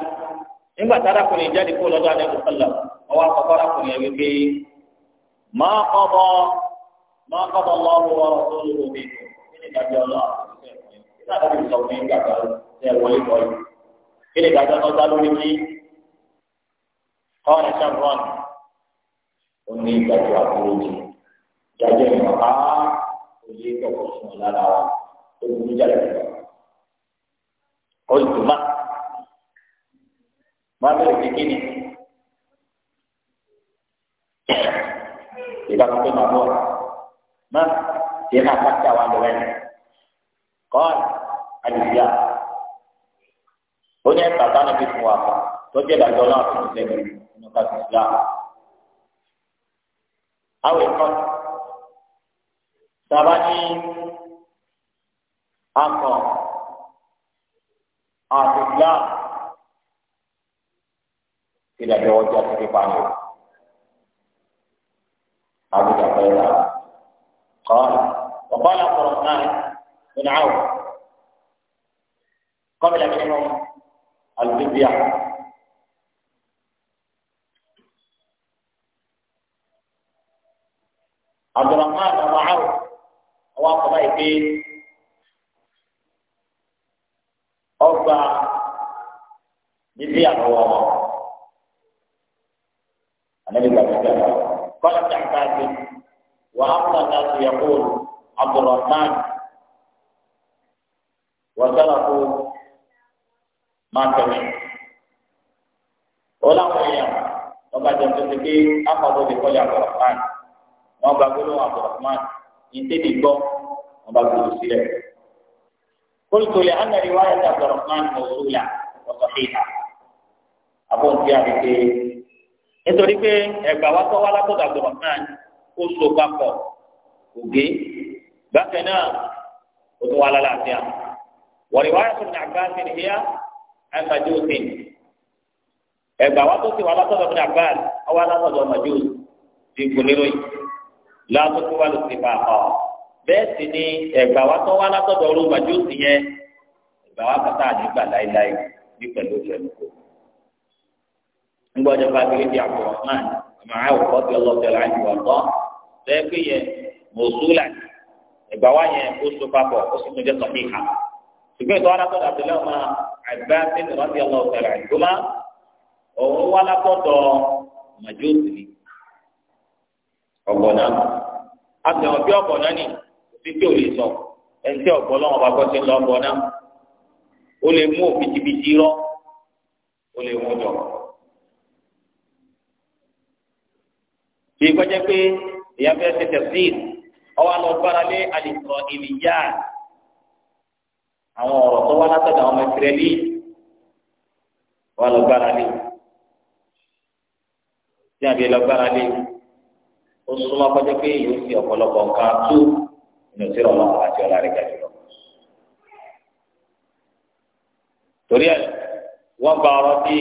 nígbà tí arákùnrin jáde kó lọ́dọ̀ àdéhùn sọ́lá ọwọ́ àkọ́kọ́ arákùnrin yẹn wípé máa kọ́bọ̀ máa kọ́bọ̀ lọ́wọ́ wọ́n tó lò ó bíi kíni ìdájọ́ ọlọ́run kíni ìdájọ́ tó dá lórí kí kọ́ọ̀nì sẹ́fúrọ́n ó ní ìdájọ́ àbúrò ìdájọ́ ìmọ̀ á òye ìkọ̀kọ̀ fún ọ lára wa ó burú jáde lọ. olùdùmá. Muhammad begini. Tidak mungkin mabuk. Mas, dia nak cawan dengan. Kon, Aditya. Punya kata Nabi semua, Tujuh dan dolar Muslim. Menukas Islam. Awil kon. Sabani. Aku. Aditya. Aditya ìdájọ́ ọjà ti fi pàmò. àbújá pẹ̀lú àwọn. قال وقال قرآن بن عوف قبل منهم الفدية عبد الرحمن بن عوف هو قضية ọgbà níbi àwọn ọmọ النبي صلى الله عليه وسلم قال ابن عباس وأفضل الناس يقول عبد الرحمن وتركوا ما سمعوا ولا قيام وبعد ذلك أخذوا بقول عبد الرحمن وما قالوا عبد الرحمن ينتهي بهم وما قالوا سيره قلت لأن رواية عبد الرحمن موصولة وصحيحة أبو سيابك nítorí pé ẹgbà wa tọ́ wá látọ̀dọ̀ àgbọ̀rọ̀ náà ó so papọ̀ ògé bákan náà ó tún wá lálàáfíà wọ̀rì wáyà tó ní àgbà sí ni híyá àgbàjọ òsìn ẹgbà wa tó sì wá látọ̀dọ̀ ní àgbà ọwọ́ látọ̀dọ̀ ọmọdé òsìn ti gbòlérò yìí látọ̀dọ̀ wà lóṣèlú pàápàá bẹ́ẹ̀ sì ni ẹgbà wa tọ́ wá látọ̀dọ̀ ọlọ́mọdé òsìn yẹn ẹgbà wa kàtà nígbà láéláé ní pẹ̀lú ńgbọ́dọ̀ fagilé di abdulrahman màá òkọ́ ti ọlọ́tẹ̀ láti wà tọ́ bẹ́ẹ̀ pé yẹ mọ̀súlà ìgbà wá yẹn ó so papọ̀ ó sì tún jẹ́ sọ̀tì ìhà ṣùgbọ́n ìtọ́ alákọ̀dọ̀ àbílẹ̀ ọmọ àgbà sínú rọ́bì ọlọ́tẹ̀ láti gbọ́má òun wá lákọ̀dọ̀ màjọ́sì ni ọ̀gbọ̀nà àtẹ̀wọ̀n bí ọ̀gbọ̀nà ni òsì tí ò lè sọ ẹ̀ńtẹ́ ọ̀gbọ̀nà ọba gbọ́sẹ̀ lọ́gbọ̀nà ó lè mú òbítíbitì rọ́ ó lè mú dọ̀ bí gbọ́dọ̀ pé èèyàn fẹ́ ṣe tẹ̀síìl ọwọ́ àlọ́ gbára lé àlìkọ́ ìlìyà àwọn ọ̀rọ̀ tó wá látọ̀dọ̀ àwọn ọmọ ìsirẹ́lì wọ́n lọ gbára lé tí àbí lọ gbára lé ó súnmọ́ gbọ́dọ̀ pé yóò fi ọ̀pọ̀lọpọ̀ nǹkan tú nínú sí ọlọ́run àti ọlọ́run gàdú lọ. torí ẹ wọ́n gba ọ̀rọ̀ sí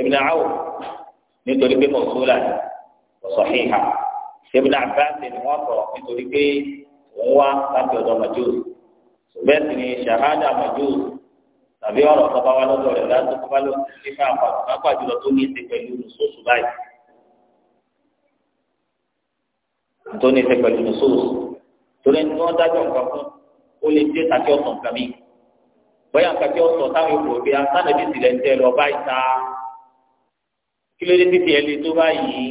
Ibn Awf nítorí pé mọ̀ sóòlà ni sọ̀híhà ṣébí náà bá ti ní wọ́n sọ̀rọ̀ nítorí pé òun wá láti ọ̀dọ̀ majus bẹ́ẹ̀ sì ni ṣàhádà majus tàbí ọ̀rọ̀ tọ́ba wa lọ́dọ̀ rẹ̀ láti tọ́ba ló ti ṣe fún àpàtù pápá jùlọ tó ní ìṣe pẹ̀lú nùsùsù báyìí tó ní ìṣe pẹ̀lú nùsùsù torí ní wọ́n dájọ́ nǹkan fún ó lè dé tàbí ọ̀sán nǹkan mi bóyá nǹkan tí ó sọ táwọn èèyàn òbí asánàbí tilẹ̀ ń tẹ́ lọ báyìí ta kí ló dé títí ẹ lè tó báyìí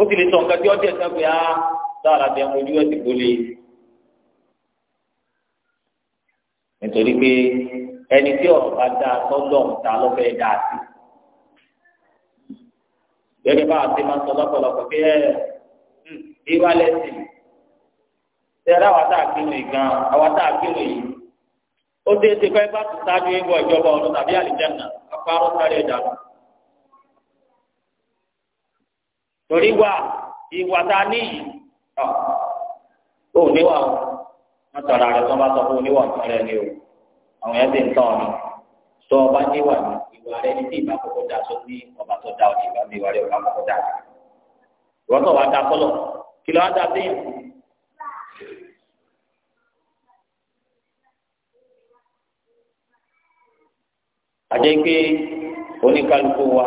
ó sì lè sọ nǹkan tí ó jẹ́ sẹ́gbẹ̀ẹ́ á dára bí ẹmu ojú ẹ̀ ti gbólé nítorí pé ẹni tí ọ̀rọ̀ bá dáa sọ́dọ̀ ta ló fẹ́ dáa sí gẹ́gẹ́ bá a ti máa sọ lọ́pọ̀lọpọ̀ pé ẹ ìwà hmm, lẹ́sìn tẹ̀lé àwọn tá a kírun yìí gan àwọn tá a kírun yìí ó dé ti pẹ́ bá ti sáájú ìwọ ìjọba ọ̀run tàbí àlìjẹ́nà ọ̀pá sáré ẹ̀dá torí wa ìwà tá a níyì ọ ò níwà o wọn tọrọ àrẹ tó ń bá sọ fún oníwà fún rẹ ni o àwọn yẹn ti ń tọ ni tó o bá níwà ni ìwà rẹ ní tí ìbá kókó dá sọ ní ọba tó dá ọdí ìbá mi ìwà rẹ ọba kókó dá ìwọ́n tó wàá dá kọ́lọ̀ kí ló wá dá sí àjẹ́ pé oníkálukú wa.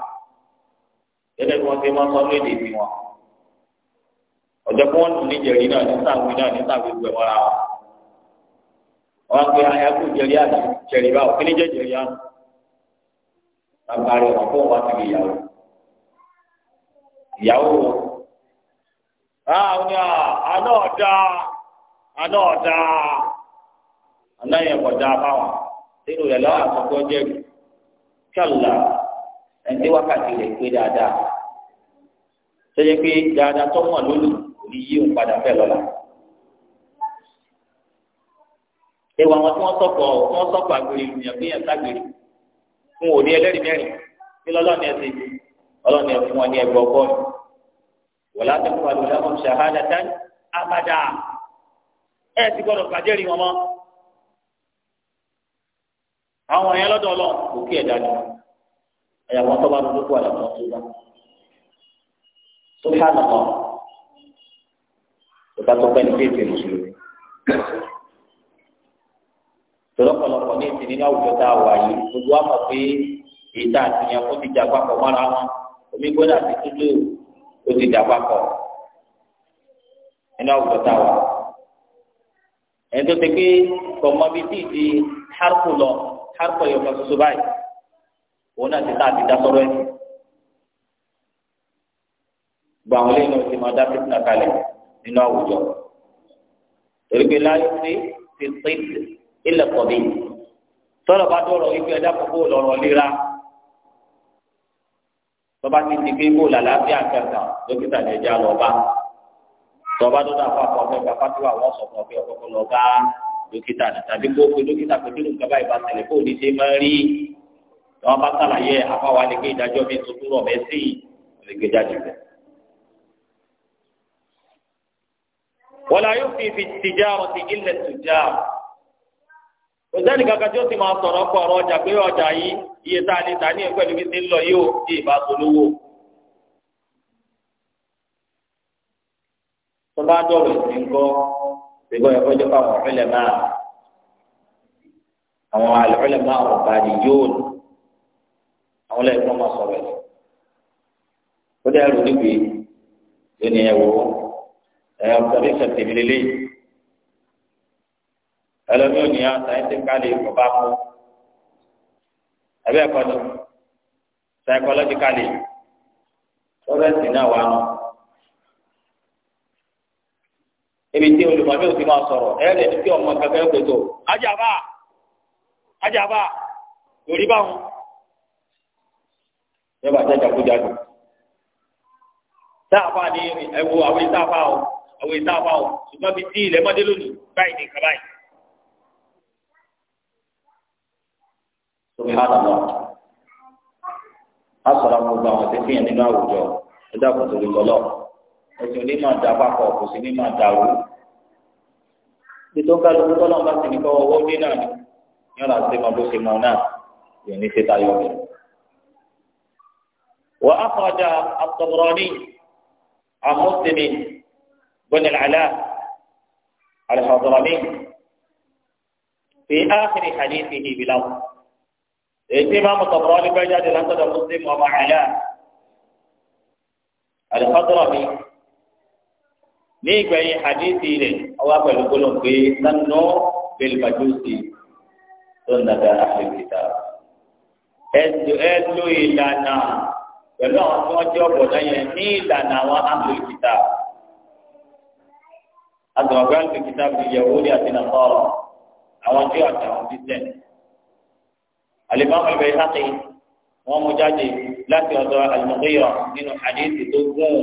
gẹ́gẹ́ bí wọ́n ti máa ń sọ lóde sí wọn ọjọ́ kí wọ́n tún lè jẹ̀rí náà ní sàwìn náà ní sàwìn gbẹ mọ́ra wọn wọn pe ayakú jẹ̀rí àti jẹ̀rí báwo kí ni jẹ́ jẹ̀rí àná bàbá rẹ̀ wọ́n ti lè yàwó ìyàwó wọn báwo ni àná ọ̀dà àná ọ̀dà àná yẹn kọjá báwọn nínú rẹ̀ lọ́wọ́ àtọ́kọ́ jẹ́rìí kálá ẹni wákàtí rẹ̀ pé dáadáa sọjẹ pé dáadáa tó mọ̀ lónìí kò ní yí òun padà fẹ́ lọ́la. ewu àwọn tí wọ́n sọ̀kọ̀ tí wọ́n sọ̀kọ̀ àgbèrè ènìyàn bí yẹn ságbèrè fún òní ẹlẹ́rìí mẹ́rin kí lọ́lọ́ni ẹ̀ ti ọlọ́ni ẹ̀ fún wọn ní ẹgbẹ́ ọgọ́rin wọ̀lá tó kọ́ àlùfáà wọn ṣàhádà tán abàdà ẹ̀ ti gbọ́dọ̀ pàdé wọn mọ́ àwọn yẹn lọ́dọ̀ ọlọ́run kò kí ẹ̀ dájú àyàwó tó bá dúdú kó àyàwó tó bá subhanallah ìgbà tó pẹ́ ní bí ètò mùsùlùmí tọ́lọ́pọ̀lọpọ̀ ní ìsìn nínú àwùjọ tá a wà yìí gbogbo àmọ̀ pé ìta àtìyàn kó ti jà papọ̀ mọ́ra wọn omi gbọ́dọ̀ àti tútù kó ti jà papọ̀ nínú àwùjọ tá a wà ẹni tó ti pé kọ̀mọ́bí tí ì di hárùkù lọ hárùkù yọ̀ọ̀kan ṣoṣo báyìí òun náà ti tá a ti dá sọ̀rọ̀ ẹ̀sìn gba àwọn eléyìí náà ti máa dá fitna kalẹ̀ nínú àwùjọ torí pé láyé sí ti pín ilẹ̀ pọ̀ bí tọ́lọ̀ bá dọ̀rọ̀ ibi ẹ̀dá kókó lọ́rọ̀ lera tọ́ba ti di pé kó làlàáfíà kankan dókítà ní ẹja lọ́ba tọ́ba tó dà fún àpọ̀ mẹ́ta fatiwa wọ́n sọ fún ọ̀fẹ́ ọ̀kọ́kọ́ lọ́ba dókítà ní tàbí kó o dókítà pé kí ló ń kaba ìbáṣẹ̀lẹ̀ kó o ní ṣe máa rí lọ́wọ́ bá sàlàyé àfáwà lè gbé ìdájọ́ mi tuntun rọ̀ mẹ́sì lè gbé jáde rẹ̀. wọ́n la yóò fi fi tìjà ọ̀rọ̀ ti ilẹ̀ tìjà kò sẹ́ni kankan tí ó ti máa sọ̀rọ̀ pọ̀ ọ̀rọ̀ ọjà pé ọjà yìí iye tá a lè tà ní ìpẹ́lú bí ti ń lọ yìí ó ti tó bá dọ̀rọ̀ sí ń kọ́ ṣùgbọ́n ẹ̀kọ́ jẹ́ fáwọn ọ̀fẹ́lẹ̀ máa àwọn àlùfẹ́lẹ̀ máa ọ̀bàdì àwọn lẹ́yìn kan máa sọ̀rọ̀ ẹ̀ ó dẹ́ ẹrù níbi ẹni ẹ̀ wò ó ẹ̀ observation tèmi lélẹ̀ ẹlòmíràn ní scientifically kò bá kú ẹbẹ́ ẹ̀kọ́ ni psychologically sọ́rẹ́ǹsì náà wà nù ebi tí olùmọ̀mí ò ti máa sọ̀rọ̀ ẹ̀ lẹ́ni tí ọmọ kankan ń pètò ajábá ajábá yorùbá wọn yọba jẹjà kújà dùn sáàfà ni ẹwọ àwọn ìsáàfà o àwọn ìsáàfà o ṣùgbọ́n bíi tí ilẹ̀ mọ́dé lónìí báyìí ní kaba yìí. subhanallah a sọ̀rọ̀ gbogbo àwọn tí fi hàn nínú àwùjọ ẹ̀dá kòtò lè lọ́lọ́ ẹ̀sìn onímọ̀ àdá papọ̀ kò sí ní máa dàrú. nítorí kálukú tọ́lọ́mù bá ti ní kọ́ ọwọ́ dé náà ni yọ̀rọ̀ àti ṣe máa bó ṣe mọ̀ náà yóò ní ṣe tayọ̀ bẹ̀rẹ̀. وأخرج الطبراني عن مسلم بن العلاء الحضرمي في آخر حديثه بالأرض الإمام الطبراني بجد الأسد مسلم وما علاء الحضرمي نيجي حديثي له أو أقول لكم في سنو بالمجوسي سنة أهل الكتاب ẹlò ìlànà pẹ̀lú àwọn tí wọ́n jẹ́ ọ̀bọ̀ náà yẹn ní ìlànà àwọn àlùkò kìtà àtọ̀gbẹ́ àlùkò kìtà fi yẹ̀wò ní àti nàfọ́ọ̀rọ̀ àwọn tí wọ́n àtàwọn kristian alimami ibẹ̀ sáké wọ́n mú jáde láti ọ̀dọ̀ alimọ̀kéyọ̀ nínú àdéhùn tó gún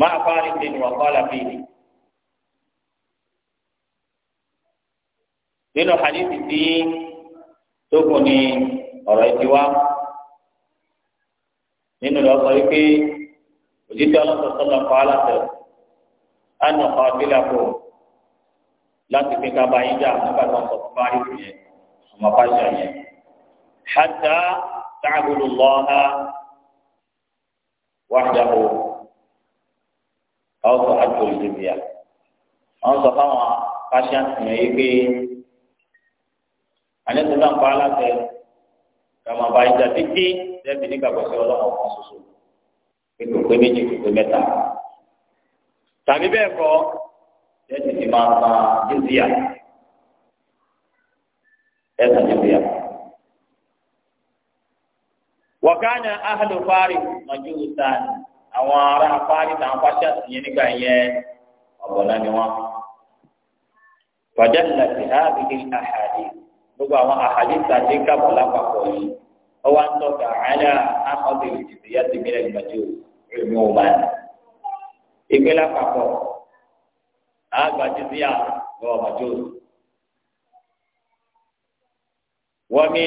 máa fárí tẹnu wà kọ́ àlàfíì nínú àdéhùn tí tó gún ní ọ̀rọ̀ yìí ti wá nínú rẹ̀ sọ wípé òjijì ọlọ́sọ̀tọ̀ lọ kọ́ aláṣẹ ẹnu kọ́ sílẹ̀ kó láti fi kaba yín jà nígbà tó ń sọ fún báyìí yẹn ọmọ fáṣọ yẹn hatta ta'budu Allaha wahdahu ọsọ àjò ìdìbìyà wọn fáwọn fáṣọ yẹn pé àníṣe náà kọ́ aláṣẹ kàmá bá ìjà títí lẹ́bi ní gbàgbọ́sẹ̀ ọlọ́run ọ̀kan ṣoṣo pípé pé méjì pípé mẹ́ta tàbí bẹ́ẹ̀ kọ́ lẹ́bi ti máa san jizíà ẹ̀sán jizíà. wọ̀kánà ahàlù fárì màjúùsàn àwọn ará fárì tàn fáṣà yẹn nígbà yẹn ọ̀bọ̀nà ni wọ́n. fàjẹ́ lẹ́sìn ábìlì àhàdì gbogbo àwọn àhàdìsà ní kábọ̀ lápapọ̀ yìí ọwọ́ ń tọ́ka àlà àkọ́bẹ̀ òjìṣẹ́ yá ti mílẹ̀ gbàdé ìmú ọba ni. ìpín lápapọ̀ àgbàdìsíyà lọ́wọ́ gbàdé òjò. wọ́n mi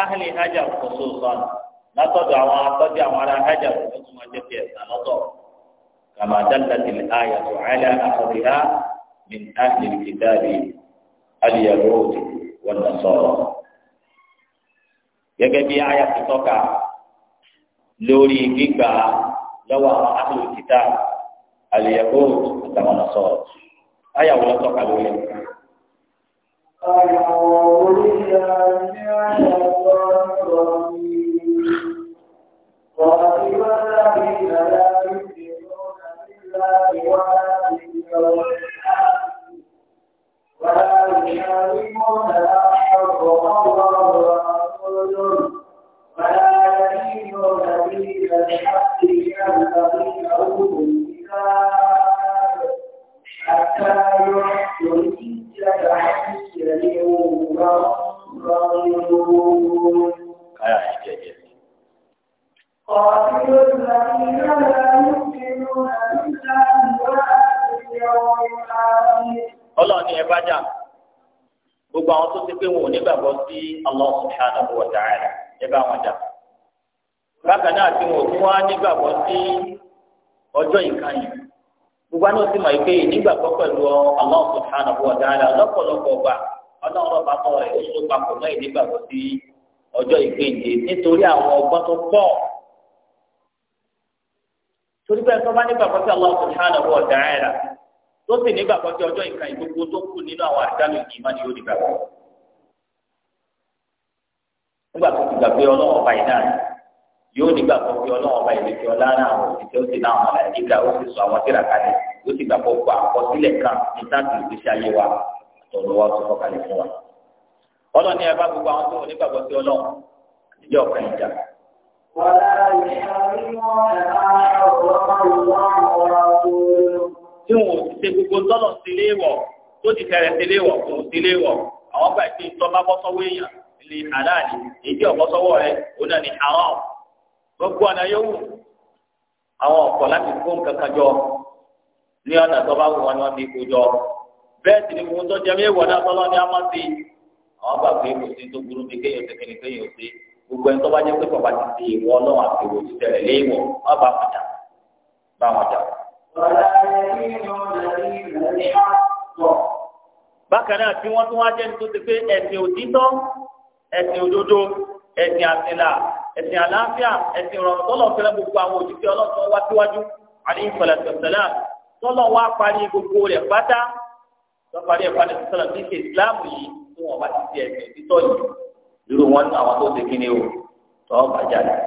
áhìlì hajj kòsó sọ́nù látọ̀dọ̀ àwọn atọ́jú àwọn ará hajj tó tún jẹ́ fi ẹ̀sán kàmá dáńdá tilẹ̀ ayàtọ̀ àlà àkọ́bẹ̀ ha min áhìlì kìtàbí alìyàwó òjò wọn lọ sọ̀rọ̀ gẹ́gẹ́ bí aya ti tọ́ka lórí gbígbà lọ́wọ́ àwọn ahlùkìtà àlèyẹ̀kọ́ àtàwọn lọ sọ̀rọ̀ aya wọn lọ tọ́ka lórí. وَأَقِيمُوا الَّذِينَ لَا ní ọjọ́ ìkànnì gbogbo àná ti mọ̀ pé nígbàgbọ́ pẹ̀lú Allah subhanahu wa ta'ala lọ́pọ̀lọpọ̀ ọgbà ọlọ́run ọba tọ́ rẹ̀ ó so papọ̀ mọ́ ìdígbàgbọ́ sí ọjọ́ nítorí àwọn ọgbọ́n tó pọ̀ torí pé ẹ̀sọ́ bá nígbàgbọ́ sí tó sì nígbàgbọ́ sí ọjọ́ gbogbo tó kù yóò nígbà kó fi ọlọ́wọ́n ọba ìlú fi ọlá náà wọ̀ títí ó sì náà wọn láì nígbà ó sì sọ àwọn tíra kalẹ̀ ó gbà kó kan ní ìgbésí ayé wa àtọ̀rọ̀ wa tó fọkàlẹ̀ fún wa. ọlọ́ni ẹ bá gbogbo àwọn tó onígbàgbọ́ sí ọlọ́run àtijọ́ ìjà. wọn gbogbo ọ̀nà yòówù àwọn ọ̀pọ̀ láti kó nǹkan kan jọ ní ọ̀nà tó bá wù wọn ni wọ́n ti kó jọ bẹ́ẹ̀ sì ni mo tó jẹ́ méwọ̀ náà tọ́lọ́ ní amọ́ sí i àwọn bá pé kò sí tó burú bí kéèyàn ṣe kéèyàn kéèyàn ṣe gbogbo ẹni tó bá jẹ́ pé bàbá ti ṣe ìwọ ọlọ́run àti ìwọ òṣìṣẹ́ rẹ̀ léèwọ̀ má bá wọn jà bá wọn jà. bákan náà tí wọ́n tún wá jẹ́ ní tó ti pé ẹ̀sìn òtítọ́ ẹ̀sìn òdodo ẹ̀sìn àtìlà ẹ̀sìn àlàáfíà ẹ̀sìn ìrọ̀rùn tọ́lọ̀ fẹ́rẹ́ gbogbo àwọn òjijì ọlọ́sọ wá síwájú àdéhùn sọ̀làsọ̀là tọ́lọ̀ wá parí gbogbo rẹ̀ pátá lọ́parí ẹ̀ parí sọ̀là ní ṣe ìsìláàmù yìí tí wọ́n bá ti di ẹ̀sìn títọ́ yìí dúró wọn àwọn tó ṣe kíni o tọ́ bàjá rẹ̀.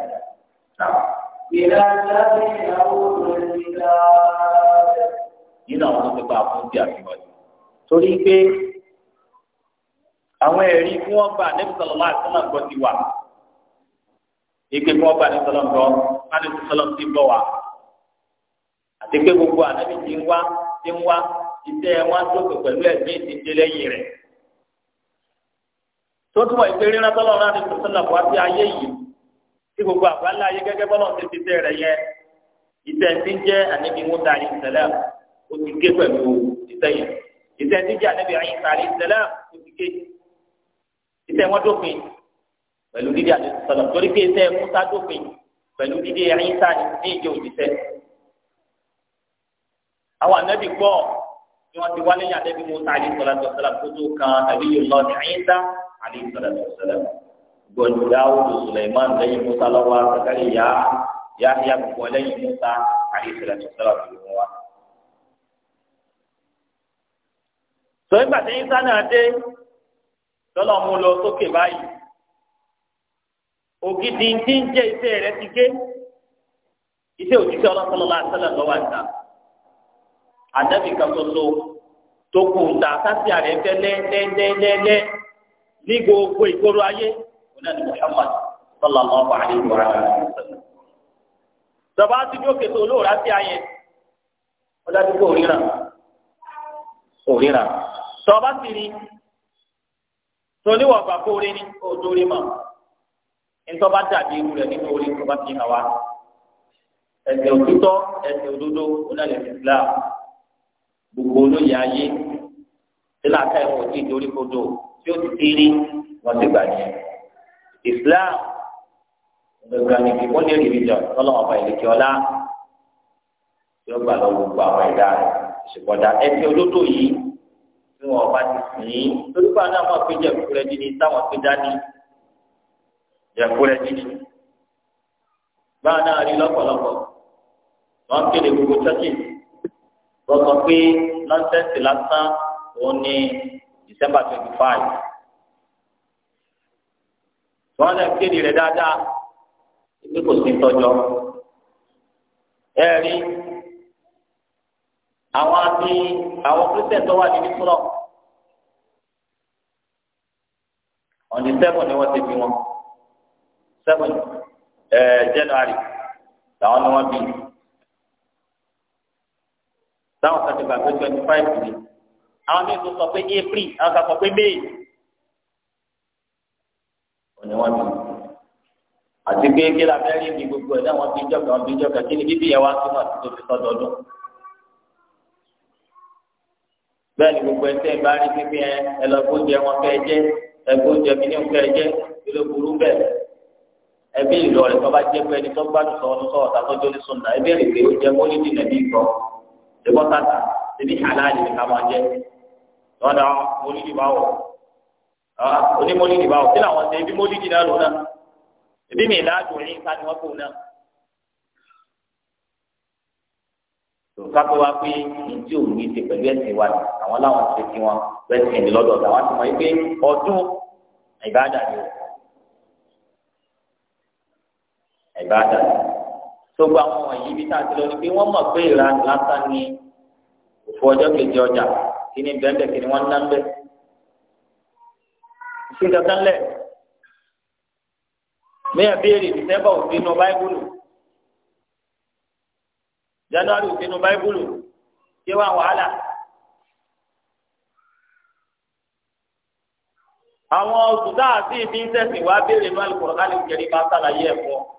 nínú àwọn tó ti pa àwọn ike kí wọn gba ní sọlọ ńkọ wọn ní sọlọ ti bọ wa àti pé gbogbo ànábi ti ń wá ti ń wá iṣẹ́ wọn dókè pẹ̀lú ẹ̀mí ti dé lẹ́yìn rẹ̀ tó túmọ̀ ìpè ríran sọlọ náà ní sọlọ wá sí ayé yìí tí gbogbo àgbáńlá ayé gẹ́gẹ́ bọ́lá ti ti dé rẹ̀ yẹ iṣẹ́ ti ń jẹ́ ànábi ta yìí sẹlẹ̀ ó ti gé pẹ̀lú iṣẹ́ yìí iṣẹ́ ti jẹ́ ànábi ayé sàrí sẹlẹ̀ ó ti gé iṣẹ́ wọn dókè pẹ̀lú dídí àti sọ̀lọ̀ torí pé iṣẹ́ musa dópin pẹ̀lú dídí ẹ̀rín sáni ní ìjọ òjíṣẹ́. àwọn ànábì gbọ́ ni wọ́n ti wálé yàn lẹ́bi musa àlè sọ̀lọ̀ sọ̀lọ̀ tó tó kan àbí yóò lọ ní ẹ̀rín sá àlè sọ̀lọ̀ sọ̀lọ̀ gbọ̀dọ̀ dáwùdù suleiman lẹ́yìn musa lọ́wọ́ sakari yá yá yá gbogbo lẹ́yìn musa àlè sọ̀lọ̀ sọ̀lọ̀ tó wá. sọ̀rọ̀ ìgbà tẹ́yìn sá lọ́lọ́ mú lọ sókè báyìí. ògidì tí ń jẹ́ iṣẹ́ rẹ̀ ti gé iṣẹ́ òjíṣẹ́ ọlọ́pàá lọ́sẹ̀lẹ̀ lọ́wọ́ àgbà àdẹ́bí kan ṣoṣo tó kù ta sásì àrẹ fẹ́ lẹ́lẹ́lẹ́lẹ́ ní gbogbo ìgboro ayé ọ̀nà ni Muhammad sallallahu alaihi wa sallam. sọba ti jókè tó olóòrá sí ayẹ sọba sì ni bàbá orin ni ntọ́ba dàbí irú rẹ̀ nínú orí tó bá fi hàn wá ẹ̀sìn òtítọ́ ẹ̀sìn òdodo onílẹ̀ Islam gbogbo olóyè ayé sílá ká ẹ̀kọ́ tí ìdórí kodo tí ó ti tiri wọ́n ti gbà yẹn Islam gbẹ̀gbẹ̀ ní people ní religion tọ́lọ́ ọba ìlẹ̀kẹ́ ọlá tí ó gbà lọ gbogbo àwọn ẹ̀dá rẹ̀ ìṣèkọ̀dá ẹ̀sìn òdodo yìí tí wọ́n bá ti sìn ín torí pé àwọn yẹ̀kúrẹ́ gidi bá a náà rí lọ́pọ̀lọpọ̀ wọ́n kéde gbogbo churches wọ́n sọ pé nọ́ńsẹ̀sì lásán òun ní December twenty five wọ́n lè kéde rẹ̀ dáadáa ìpín kò sí tọ́jọ́ ẹ rí àwọn àti àwọn christian tó wà níbi fúnra on seven ni wọ́n ti fi wọn seven eh, January làwọn ni wọ́n bí táwọn kan ti gbà pé twenty five ni àwọn míì tó sọ pé April àwọn kan sọ pé May òní wọ́n bí àti pé kí la fẹ́ rí ibi gbogbo ẹ̀ náà wọ́n bí jọ́kẹ́ wọ́n bí jọ́kẹ́ kí ni bíbí yẹn wá túmọ̀ tó fi sọ́dọọdún. bẹ́ẹ̀ ni gbogbo ẹsẹ̀ bá rí pípín ẹ ẹ lọ gbóúnjẹ wọn fẹ́ jẹ́ ẹ gbóúnjẹ mi ní òun fẹ́ jẹ́ kí ló burú bẹ́ẹ̀ ẹbí ìlọ rẹ tọba jẹ pé ẹni tó gbádùn sọ ọdún sọ ọta tọjọ ní sunna ẹbí rẹ pé ó jẹ mọlì ní nàbí ìgbọ ìbọtàtà ẹbí aláàlì ní ká máa jẹ lọ́dọ̀ mọlì ní báwọ oní mọlì ní báwọ sí làwọn ṣe ẹbí mọlì ní náà lò náà mi ìlàjò yín ká ni wọn kò náà. kápẹ́ wa pé ìdí òní ti pẹ̀lú ẹ̀sìn wa ni àwọn láwọn ṣe tiwọn wọn ti mọ̀ ìbáàdà tó gba àwọn wọ̀nyí bí táà ti lọ ni pé wọ́n mọ̀ pé ìlànà lásán ni òfò ọjọ́ kejì ọjà kí ni bẹ́ẹ̀ bẹ́ẹ̀ kí ni wọ́n ná bẹ́ẹ̀ sí kankan lẹ̀ mẹ́yà béèrè dìsẹ́mbà òfin nu báíbùlù january òfin nu báíbùlù ṣé wà wàhálà. àwọn oṣù tá a sì béèrè nínú Al-Qur'an ká bá sàlàyé ẹ̀ fún ọ.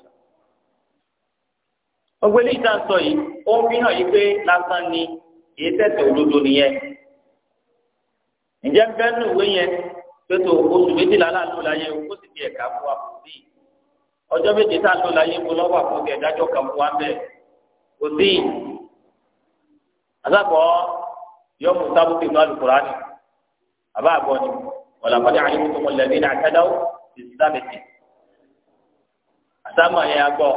ọgbẹ́ ní ìta sọ yìí ó ń fi hàn yìí pé lásán ni èyí tẹ̀sẹ̀ olódo nìyẹn ǹjẹ́ bẹ́ẹ̀ nù ìwé yẹn pẹ̀tọ̀ oṣù méjìlá láàánú láyé o sì fi ẹ̀ka fún wa fún sí i ọjọ́ méje tá a lò láyé mo lọ́wọ́ àfọ̀kẹ́ ìdájọ́ kan fún wa ń bẹ̀ kò sí i àsàkọ́ yọ mú sábùkì náà lùkùránì àbá àbọ̀ ni ọ̀làkọ́ni àyẹ̀wò tó mọ̀ lẹ́ni àtẹ́dáwó ti sábẹ̀tì àsámọ̀ yẹn agbọ́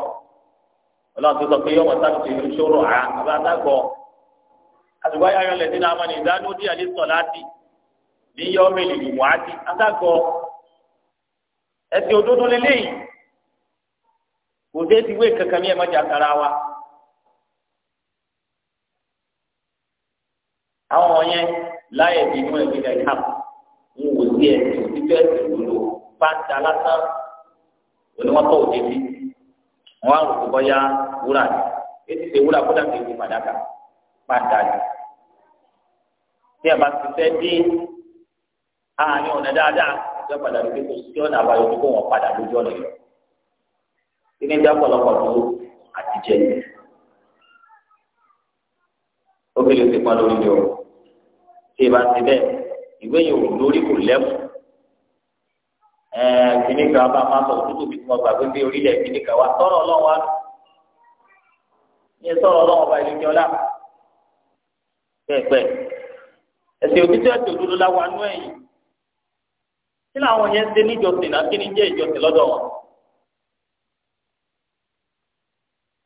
ọlọ́run tó sọ pé yọ̀wọ̀ sábì tó yẹ ṣòro àá àbá àtàgbọ̀ àtùgbọ́ yà yọ̀ lẹ́sìn náà mọ́ni ìdánù díà ní sọ̀láàtì ní yọ̀ mẹ́lì ìwádìí àtàgbọ̀ ẹ̀sìn òdodo lélẹ́yìn kò dé ti wé kankan ní ẹ̀mọ́jà tara wa. àwọn yẹn láyé bínú ẹ̀mí rẹ̀ kà ń wò sí ẹ̀sìn òtítọ́ ẹ̀sìn òdodo bá ń ta lásán oníwọ́tọ̀ wọn á rò kó bọ́yá wúrà ni etí ṣe wúrà kódà kì í di fàdákà padà ni. tí a bá ti fẹ́ dé àárín ọ̀nà dáadáa ìjọba padà lórí kò sí ọ̀nà àbáyọ tó kó wọn padà lójú ọ̀nà yìí. kí ni dápọ̀lọpọ̀ dúró àti jẹ ó kéré sí pọn lórí ni o tí ìbá ti bẹ́ẹ̀ ìwé yòó lórí kò lẹ́mùú. Eh, kìnìún kan bá máa sọ òtútù bí wọn gbàgbé bí orílẹ̀ kìnìún kan wà sọ̀rọ̀ ọlọ́wọ́ wa ní sọ̀rọ̀ ọlọ́wọ́ ọba ìlú yọlá pẹ́ẹ́pẹ́ ẹ̀sìn òtútù ẹ̀sìn òdodo la wà nú ẹ̀yìn kí làwọn yẹn ń ṣe níjọsìn náà kí ni jẹ́ ìjọsìn lọ́dọ̀ wọn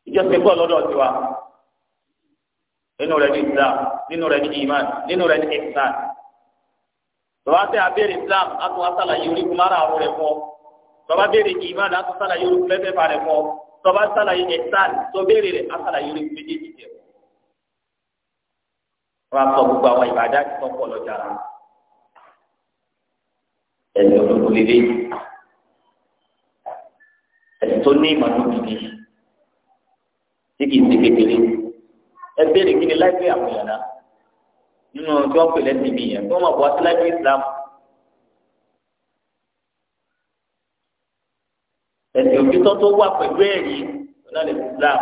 ìjọsìn bọ̀ lọ́dọ̀ tiwa nínú rẹ̀ ní Islam nínú rẹ̀ ní iman nínú rẹ̀ ní ihsan bàbá tẹ abéèrè Islam àtún asàlà yorì kumara àwọn rẹ fọ bàbá béèrè iman àtún sàlà yorì kumẹfẹ fà rẹ fọ bàbá sàlà yìí ẹsàn tó béèrè rẹ asàlà yorì kumẹjẹjì jẹ wọn sọ gbogbo àwọn ìbàdàn ti sọpọ lọjà rà ẹsẹ olóko lélẹ ẹsẹ tó ní ìmọ̀tò gidi tí kì í ṣe kékeré ẹ nínú ọjọ́ pẹ̀lẹ́ ti mi yẹn fún ọmọ sílájú islam ẹ̀sìn òtítọ́ tó wà pẹ̀lú ẹ̀rí ọ̀nà lè islam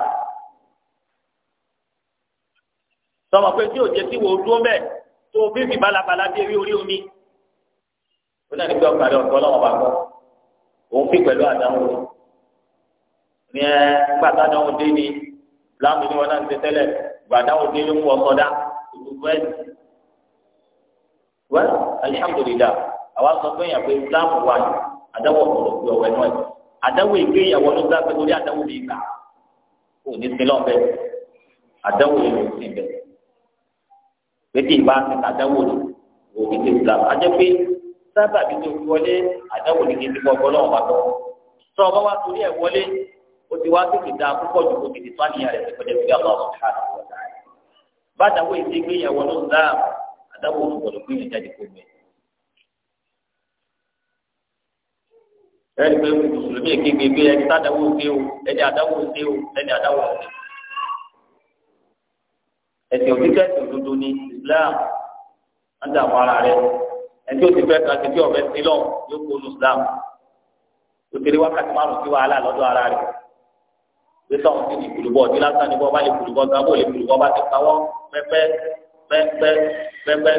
sọmọ pé tí òjé tí wò ó dúró mẹ́ẹ̀ tó o bíbí balabala bí ewé orí omi ọ̀nà lè gbé ọ̀kadà ọ̀tọ̀ ọlọ́wọ́ bá gbọ́ òun fi pẹ̀lú àdáwọ̀ ní ẹ gbàtàdáwọ̀ dé ni láàmú ni wọn náà ń ṣe tẹ́lẹ̀ gbàdáwọ̀ dé ni wọn sọdá gbogbo ẹ̀sìn wẹ́n alihamudulila àwa sọ fún yàn pé islam wà ní àdáwọ̀ ọ̀pọ̀lọpọ̀ ọ̀wẹ́ náà àdáwọ̀ èké ìyàwó ló dá pé torí àdáwọ̀ lè gbà kò ní sí lọ́bẹ̀ àdáwọ̀ lè lò sí bẹ̀ pété ìbá ti àdáwọ̀ lò kò ní sí islam àjẹ́ pé sábà bí tó fi wọlé àdáwọ̀ lè ké ti bọ́ ọgbọ́n náà wà lọ sọ ọba wa torí ẹ̀ wọlé ó ti wá àdáwò òun gbọ́dọ̀ gbé yẹn jáde kó gbẹ. ẹni pé mùsùlùmí kéke gbé ẹni tádáwò dé o ẹni àdáwò dé o ẹni àdáwò dé. ẹsẹ̀ òbí kẹ́sì òdodo ní Islam ń dà wọ́n ara rẹ̀ ẹni tó ti fẹ́ kan ti fi ọ̀fẹ́ sí lọ yóò kó nu Islam tó kéré wákàtí márùn sí wàhálà lọ́dọ̀ ara rẹ̀ gbé sọ̀rọ̀ sí ìkùlùbọ̀ ọ̀dí lásán ni bọ́ bá lè kùlùbọ̀ sábò lè kùlùbọ̀ bá ti pawọ́ pẹ́pẹ́ pẹ́pẹ́ pẹ́pẹ́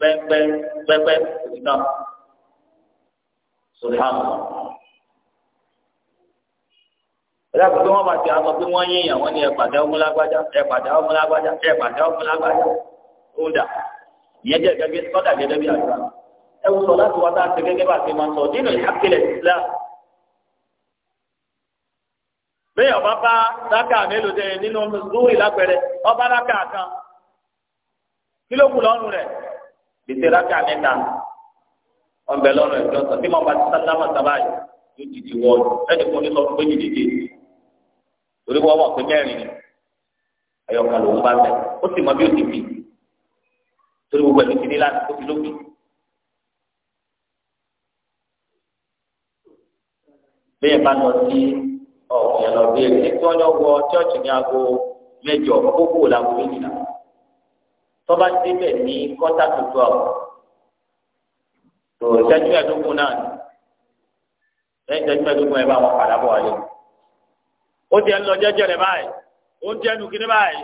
pẹ́pẹ́ pẹ́pẹ́ òtítọ́ sùlùmánù. ẹ̀rọ àkùkọ wọn bá ti àtọ pé wọ́n yín ìyàwó ni ẹ̀pàdé ọmúlágbájá ẹ̀pàdé ọmúlágbájá ẹ̀pàdé ọmúlágbájá ó ń dà ìyẹn jẹ́ gẹ́gẹ́ sọ́dà gẹ́gẹ́ bí àgbà ẹ wù sọ láti wá láti gẹ́gẹ́ bá ti máa sọ nínú ìhàkìlẹ̀ ìsìlá. bẹ́ẹ̀ ọba bá dákà mélòó dé nínú zúwì lápẹ̀rẹ̀ ọba dákà kan kí ló kù lọ́rùn rẹ̀ gbèsè rákà mẹ́ta ọbẹ̀ lọ́rùn ẹ̀ lọ́sọ̀ bí mo bá ti sálámà sábà yìí yóò dìde wọ́n ẹni kò ní sọ fún méjì dìde torí wọ́n wọ̀ pé mẹ́rin ni ẹ̀yọ̀kà lòún bá bẹ̀ ó sì mọ bí ó ti fi torí gbogbo ẹ̀mí ti ní láti ó ti lókè. bẹ́ẹ̀ bá lọ sí ọ̀gbìn ẹ̀ bí ẹ̀ tí wọ́n yọ wọ chọ́ọ̀chì ní aago mẹ́jọ kókó làwọn méjìlá tọ́ba débẹ̀ ní kọ́tà tuntun àwọn tó ìṣẹ́jú ẹ̀dógún náà ni lẹ́yìn ìṣẹ́jú ẹ̀dógún ẹ̀ bá wọn padà bọ̀ wálé ó tiẹ̀ ń lọ jẹ́jẹ́ rẹ̀ báyìí ó ń jẹ́nu kíní báyìí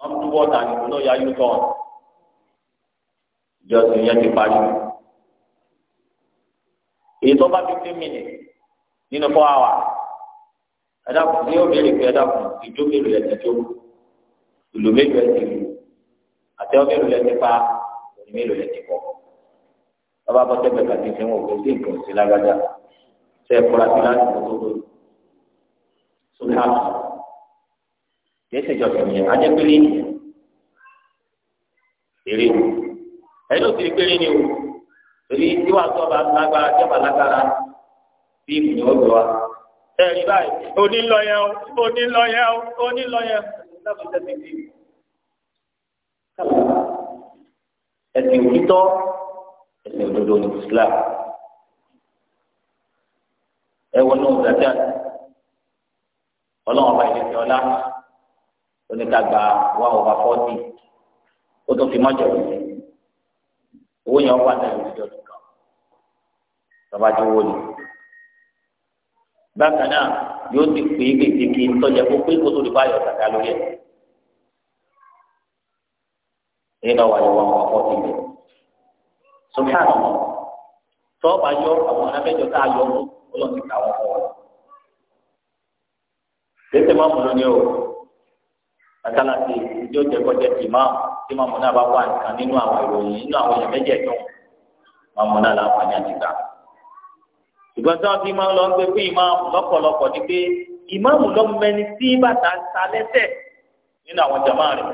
wọ́n tún bọ́ tà nínú náà yáyú tán ìjọsìn yẹn ti parí èyí tó bá fifteen minutes nínú four hours ẹ̀dá kùn ní òbí rẹ̀ pé ẹ̀dá kùn ìjókòó rẹ̀ ti jó ìlú méjì ẹ̀ àti ọmọ èlò lẹ́ti pa òní mélòó lẹ́ti pọ̀ bàbá bọ́ tẹ́gbẹ̀ kàti fi wọn kò sí nǹkan sí lágbájá ṣe é kóra sí láti mọ́tò tó sórí àpò kìí ṣèjọ kìnìyàn ajẹ́pẹ́lẹ́ èrè ẹni ó ti rí péré ni o torí tí wàá sọ bá lágbára tí wàá lágbára bí ìpìlẹ̀ ó gbọ́ wa. ẹ̀rí báyìí onílọ yẹn o onílọ yẹn ẹ̀sìn òtítọ́ ẹ̀sìn òdodo ní Islam ẹ wọ náà gbàdá Ọlọ́run ọba ìdẹsẹ ọlá oníkàgbà wà ọba fọtì ó tún fi mọjọ sí owó yẹn wà náà lórí ọdún kan bàbá tó wọlé bákan náà yóò ti pè é kékeré tọjá kó pé kó tó lè bá yọ kàkà lórí ẹ nínú wà ní wọn kọ́ ti bẹ̀. sùkúrù tọ́ọ̀bà yọ àwọn anábẹ́jọ tá a yọ mú ọlọ́ọ̀tì ká wọn fọ́ wọn. lẹ́sẹ̀ máa mú lónìí o àtàlàsì yóò jẹ́ kọjá tì máa tí máa mú náà bá wà nǹkan nínú àwọn ìròyìn nínú àwọn èèyàn mẹ́jẹ̀ẹ̀dọ́ máa mú náà láǹfààní àti gbà. ìgbọ́n tí wọ́n fi máa ń lọ gbé fún ìmáàmù lọ́pọ̀lọpọ̀ ni pé ìmáàmù lọ́mọ ẹni tí bàtà ń ta lẹ́sẹ̀ nínú àwọn jàmáà rẹ̀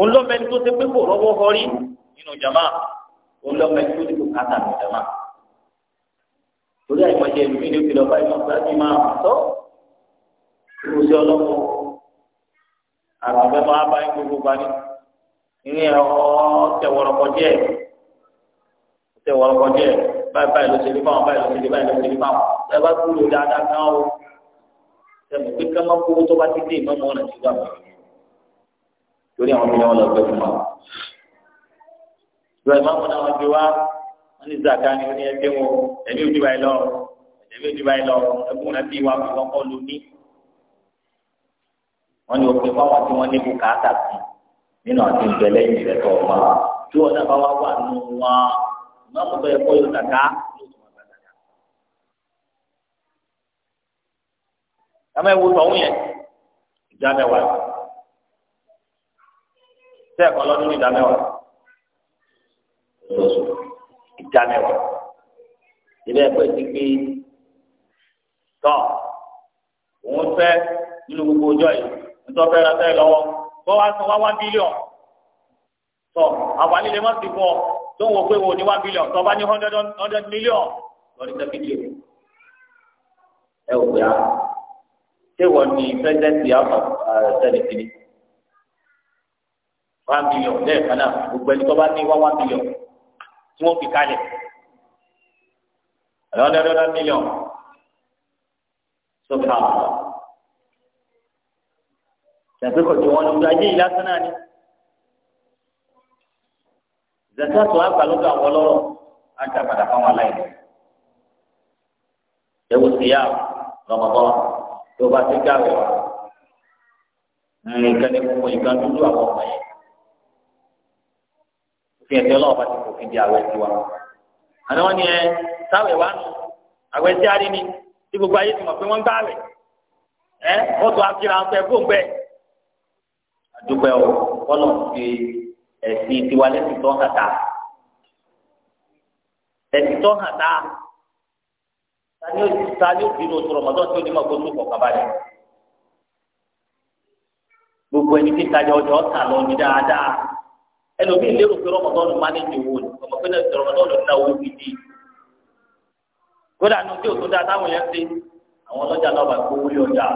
olómẹni tó ti pé kò rọ́wọ́ họrí nínú jama olómẹni tó ti kò kàtà nínú jama torí àìmọye ẹlú mi ní o fi lọ bá ìmọ̀ sáájú máa mọ̀ tọ́ kúrò sí ọlọ́pọ̀ àwọn ọ̀gbẹ́ máa bá yín gbogbo gbani ní ọ̀tẹ̀wọ̀rọ̀kọ díẹ̀ ọ̀tẹ̀wọ̀rọ̀kọ díẹ̀ báyìí báyìí ló ṣe ní fáwọn báyìí ló ṣe ní báyìí ló ṣe ní fáwọn ẹ bá kúrò dáadáa kan o ẹ mọ̀ pé ká má kó tó bá ti dé ìmọ̀ mọ́ ọ̀nà tí mọ́ ìlú torí àwọn ọmọdé wọn lọ gbẹ fún wa. ìwà ìmáàmù náà wọn ti wá wọn ní zaka ni wọn ní ẹgbẹ́ wọn ẹ̀mí òdi báyìí lọ ẹ̀mí òdi báyìí lọ ẹkùn náà ti wá fún ọkọ lómi. wọn ní òpin fáwọn tí wọn ní bùkátà sí nínú àti ìgbẹlẹ ìrẹ tó ọmọ tí wọn náà bá wá wà nù wọn ìmáàmù bẹ́ẹ̀ kọ́ yóò zaka lóòótọ́ àmọ́ ẹ̀wò tọ̀hún yẹn ìjà mẹ́wàá sẹ́ẹ̀kan lọ́dún ní ìdámẹ́wàá lóṣù ìdámẹ́wàá ilé ẹ̀kọ́ ti gbé tọ́ òun fẹ́ nínú gbogbo ọjọ́ yìí nítorí fẹ́ ra sẹ́ẹ̀ lọ́wọ́ tó wá san wá wá bílíọ̀n tọ́ àwọn àlejò má ti fún ọ tó ń wo pé wo ni wá bílíọ̀n tó bá ní hundred million lọ́dún tẹ́ fídíò ẹ ò gbé a ṣé wọ́n ní pẹ́sidẹ́ntì àwọn ṣẹ́ni kìíní one million lẹ́ẹ̀kan náà gbogbo ẹni tó bá ní wá one million tí wọ́n fi kalẹ̀ ẹ̀rọ ẹ̀rọ million tó ká wọn lọ. Ṣàpèkọ̀ tí wọ́n lọ́dọ̀ ajé yìí lásán náà ni. Zakatu àgbà lọ́dọ̀ àwọn ọlọ́rọ̀ á dá padà fáwọn aláìní. Ewu sí yá lọ́mọbọ́ tó bá ti gáwé wa. Nǹkan ní gbogbo ìgbà dúdú àwọn ọmọ yẹn fi ẹsẹ Ọlọ́run bá ti kò fi di àwẹ̀ tiwa àná wọn ni ẹ sáwẹ wa nù àwẹ̀ tí a rí ni tí gbogbo ayé ti mọ̀ pé wọn ń gbà ẹ wọn tó ń fẹ gbóngbẹ àdúpẹ́ o kọlọ fi ẹ̀sìn tiwa lẹsìn tó hàn ta ẹ̀sìn tó hàn ta tani o tani o di ní oṣù rọmọdún tí o ní ma kó tó kọ kaba rẹ gbogbo ẹni tí tajà ọjọ́ ta lọ ní dáadáa ẹlòmíì lérò pé rọmọdọ́nù máa ní ìdòwò ni ọmọ pé náà rọmọdọ́nù ta owó gidi kódà nu tí òtún dáa táwọn yẹn ṣe àwọn ọlọ́jà náà bá gbówó lé ọjà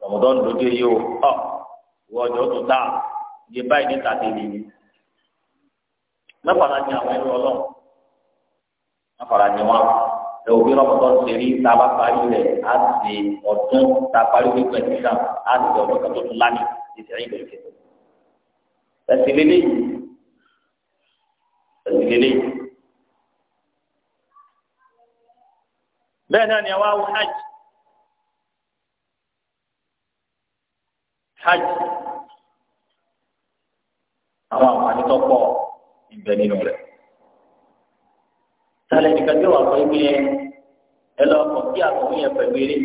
rọmọdọ́nù ló dé yìí o ọ ìwọ ọjọ́ tó ta ìdí báyìí ní tàdéli ni mẹ́fàlá ni àwọn ẹrú ọlọ́run mẹ́fàlá ni wọn ẹ̀wọ̀n bí rọmọdọ́nù ṣe rí tá a bá parí rẹ̀ á sì ọdún tá a parí rẹ̀ pẹ̀lú ìgbà ẹsìn lélẹ̀ ẹsìn lélẹ̀ bẹ́ẹ̀ náà ni àwa wọ hajj hajj àwọn àǹfààní tó pọ̀ ìbẹ nínú rẹ̀ sálẹ nìkan tí wàá fọ ibi yẹn ẹ lọ kọ kí àtọwé yẹn pẹ̀lú eré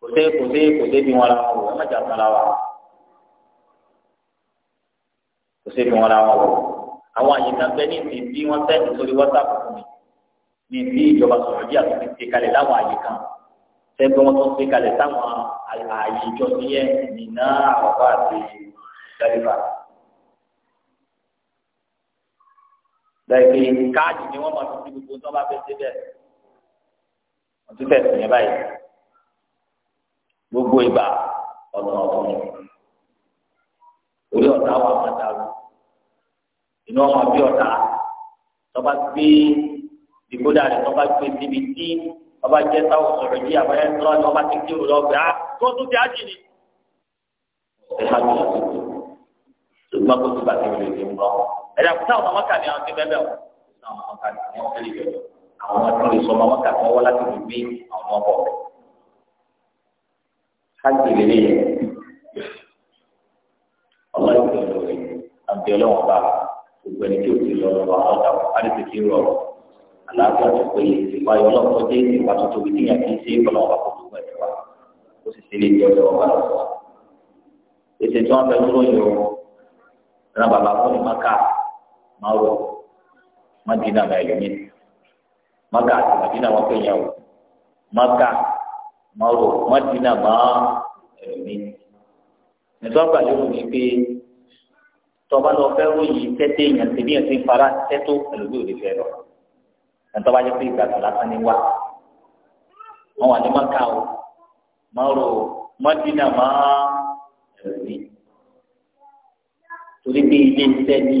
kò dé kò dé kò dé bí wọn la wọn ẹ má jà fún wa ṣe fi wọn ra wọn wọ àwọn àyíká bẹ ní ti bí wọn sẹ́yìn sórí wọ́sáàpù fún mi ní bí ìjọba sọ̀rọ̀ díà tó ti ṣe kalẹ̀ láwọn àyíká sẹ́gbẹ́ wọn tó ṣe kalẹ̀ sáwọn ààyè ìjọ níyẹn nìna àkọ́kọ́ àti ìjọba. lẹ́yìn káàdì ni wọ́n máa fi fi gbogbo tó bá fẹ́ ṣe bẹ́ẹ̀ wọ́n ti tẹ̀sí yẹn báyìí gbogbo ìgbà ọ̀nà ọ̀tún orí ọ̀tá wa máa dàrú iná ọmọ bí ọ̀tá tọ́ba gbé ìgbódà rẹ̀ tọ́ba gbé síbi tí ọba jẹ́ táwọn sọ̀rọ̀ yìí àbáyé ńlọ ni ọba ti kí òun lọ́gbẹ̀ á ah, tó tún ti ájì ni. ẹ ha bí ọtí ṣùgbọ́n kó tó bá ti rèé ní mbọ́. ẹ dàgbọ́ táwọn ọmọ kàní àwọn ti bẹ́ẹ̀ bẹ́ẹ̀ o táwọn ọmọ kàní wọn fẹ́ lè yọjọ àwọn ọmọ tó lè sọ ọmọ kàní wọn láti lè gbé àwọn ọmọ bọ̀ gbogbo ẹni tí o ti lọ lọ́wọ́ àtọ́ta àdìsíkì rọ̀ àlàáfíà tó péye ìwà ìwọlọ́pọ̀ jẹ́ ìwà tó tóbi níyà kí n ṣe ìfọlọ́ wà fún gbogbo ẹ̀fọ́ ó sì ṣe lè jẹ́ ọjọ́ ọba lọ́wọ́. ètò tí wọ́n dúró yìí o ra bàbá fún maka máa rọ madina máa yọ mí maka àti madina wọn pè yàn o maka máa rọ madina máa yọ mí. nítorí àgbàlérò ni pé tọba lọ fẹ́ ròyìn tẹ́tẹ́ èèyàn ti bí èèyàn ti ń fara tẹ́tọ́ ẹlòmí ò lè fẹ́ lọ ẹ̀tọ́ bá jẹ́ pé ìgbàgbọ́ lásán ni wá wọn wà ní maka o mọ́rò mọ́dínà máa ẹ̀rọ̀mí torí pé ilé iṣẹ́ ni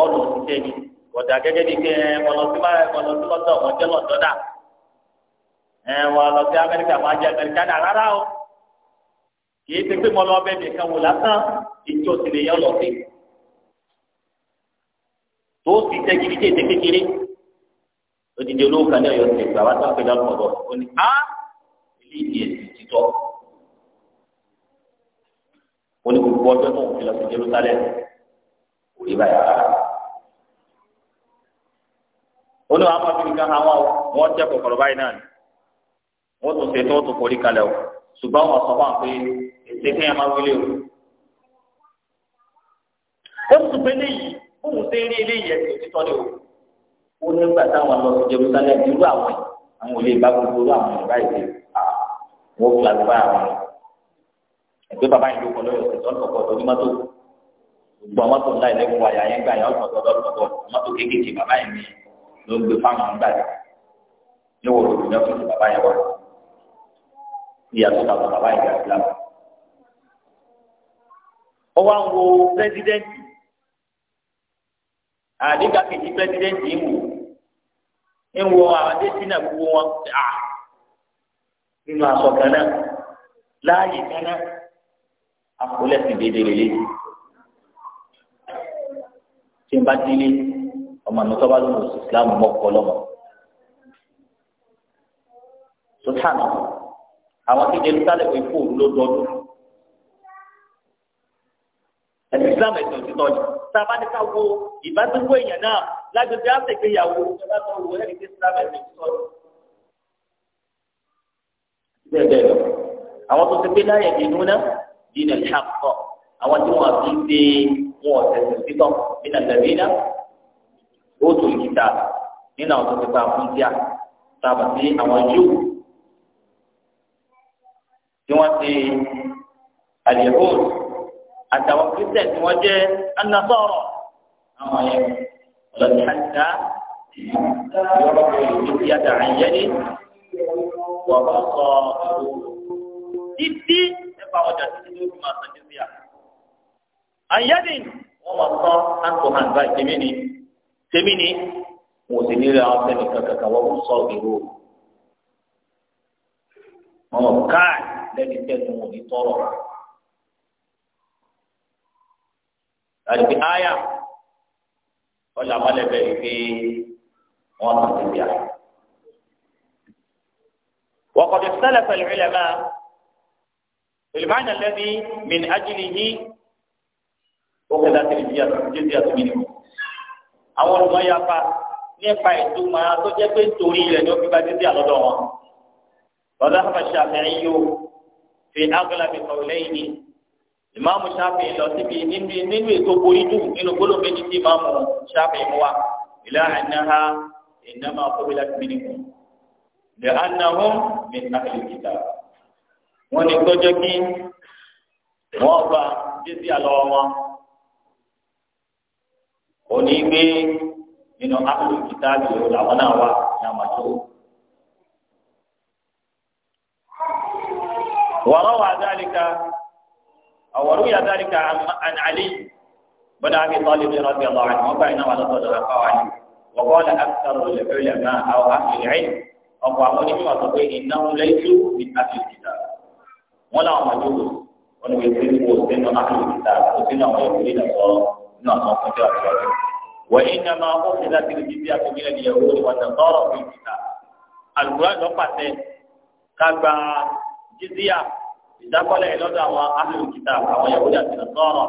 ọ̀nà iṣẹ́ ni ọ̀dà gẹ́gẹ́ bí kẹ́ wọn lọ sí wọn lọ sí lọ́dọ̀ wọn lọ sí amẹ́ríkà wọn á jẹ́ dà rárá o kì í ṣe pé mo lọ nìkan wò lásán ìjọ sílẹ̀ yẹn lọ sí i tó ti tẹ gidi tẹ tẹ kékeré odidi olówó kan ní Ọ̀yọ́ tẹ gbà wá tó àpèjà lọkọdọ ó ní á ilé ìdí ẹsẹ títọ ó ní gbogbo ọjọ́ tó ń fi lọ sí Jerusalem kò rí báyà rárá ó ní wàá máa fi nǹkan hàn wọn wọn tẹ kọkọrọ báyìí náà ni wọn tún ṣe tí wọn tún forí kalẹ̀ o ṣùgbọ́n wọn sọ fún pé ètè kéèyàn wílé o ó tún pé léyìí fóun ṣe rí ilé yẹn ti tọ́ ni o ó ní gbà táwọn lọ sí Jerusalem irú àwọn yìí àwọn olè bá gbogbo irú àwọn ìgbà yìí wọ́n fi àgbà àwọn ẹgbẹ́ bàbá yìí ló kọ́ lọ́yọ̀ sí tọ́lù kọ̀ọ̀kan tó ní mọ́tò gbogbo àwọn mọ́tò ńlá ìlẹ́kùn wáyà yẹn gbà yẹn ọ̀tọ̀ọ̀tọ̀ lọ́tọ̀ọ̀tọ̀ mọ́tò kéékèèké bàbá yìí ni ló ń gbé fáwọn gbà yìí ní wọ́n lòdì náà fún bàbá yẹn wá ìyàtọ̀ tàbí bàbá yìí àdìgbà kejì pẹ́sidẹ́ǹtì ń wò ń wọ àwọn adésínà gbogbo wọn à nínú aṣọ kan náà láàyè kan náà akólẹ́sìn déédéé lélẹ́ tí n bá délé ọmọ mi tọ́ba ló ń sọ Islam mọ́kọ́ lọ́mọ sọ́tàn àwọn tí Jerusalem kò kó lọ́dọọdún. Islam ẹ̀sìn òtítọ́ ni sábà ní ká wo ìbádúgbò èèyàn náà lágbègbè àtẹ̀gbéyàwó ìjọba tó wọ ẹ̀rí pé Islam ẹ̀sìn òtítọ́ ni. bẹ́ẹ̀ bẹ́ẹ̀ lọ àwọn tó ti pé láyé nínú náà dínà ìṣàkọ́ àwọn tí wọ́n fi dé wọn ọ̀sẹ̀sẹ̀ òtítọ́ nínà tẹ̀lẹ́nà ó tó ìkìtà nínà àwọn tó ti pa fún díà sábà sí àwọn Júù tí wọ́n ti àlè àtàwọn kristian tí wọn jẹ anasọrọ àwọn yẹn lọsí àjà yọrọ kò ní ti àtà àyẹlẹ wọn bá sọ títí nípa ọjà títí tó fi máa sọ jù bíà àyẹlẹ wọn máa sọ àtò hàn tèmi ni tèmi ni wọn sì nílò àwọn sẹni kankan wọn kò sọ ìró wọn káà lẹni tẹnu wọn ò ní tọrọ. àti àyà ọjà balẹ̀bẹ̀ ìgbé wọn kàn ti bíà. وقد اختلف العلماء في المعنى الذي من أجله أخذت الجزية منه àwọn olùmọ̀ yà fa nípa ìtumọ̀ tó jẹ́ pé torí rẹ̀ ni ó fi ba dídí àlọ́dọ̀ wọn. lọ́dọ̀ àbàṣà fẹ́ràn yóò fi agalabi kọ̀ọ̀lẹ́yìn ni ìmáàmù sáfì lọ síbi nínú ètò orídùn nínú gbólóhùn méjì tí ìmáàmù sáfì mú wa ìlà ànáhà ìnáma kóbílà mímú lè ànáhù mi àhìlì kìtà wọn ni tọjọ kí wọn gba jésì àlọ wọn òní gbé nínú àhìlì kìtà yòó làwọn náà wà ní àmàtó. وروى ذلك أو روي ذلك عن علي بن أبي طالب رضي الله عنه وبين ولد علي وقال أكثر العلماء أو أهل العلم أقوامون مما تقول إنهم ليسوا من أهل الكتاب ولا مجوس wọn bɛ fi ko sinu ahlu kitab ko sinu àwọn yahudi na sọ na sọ fún jọ àti ọjọ wa ina ma o fi láti ri bíbí àtúnilẹ ni yahudi wọn tẹ sọ̀rọ̀ fún kitab alukura lọ pàṣẹ kagbà jizíya ìdákọ́lẹ̀ lọ́dọ̀ àwọn amílùkítà àwọn yahudi àti nasọ́ọ̀rọ̀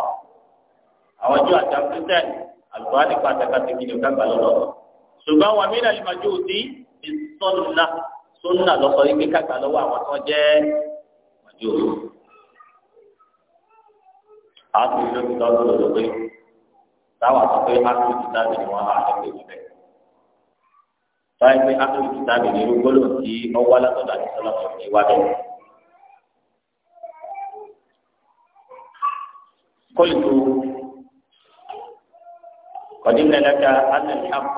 àwọn jù àti akíntẹ́ àlùkòrán nípa àtàkàtà kìnìún kágbà lọ́dọ̀ ṣùgbọ́n wọn mílẹ̀ ìmọ̀jú ti ti sọ́nà sọ́nà lọ́sọ̀ yìí kágbà lọ́wọ́ àwọn tó jẹ́ ìmọ̀jú àti ìlókítà lọ́dọ̀ pé táwọn sọ pé amílùkítà ti wọn àlẹ́ pé báyìí pé amílùkítà mi ní gbólóhùn tí ọwọ́ alátọ́dà ti sọ́nà قلت قدمنا لك أن الحق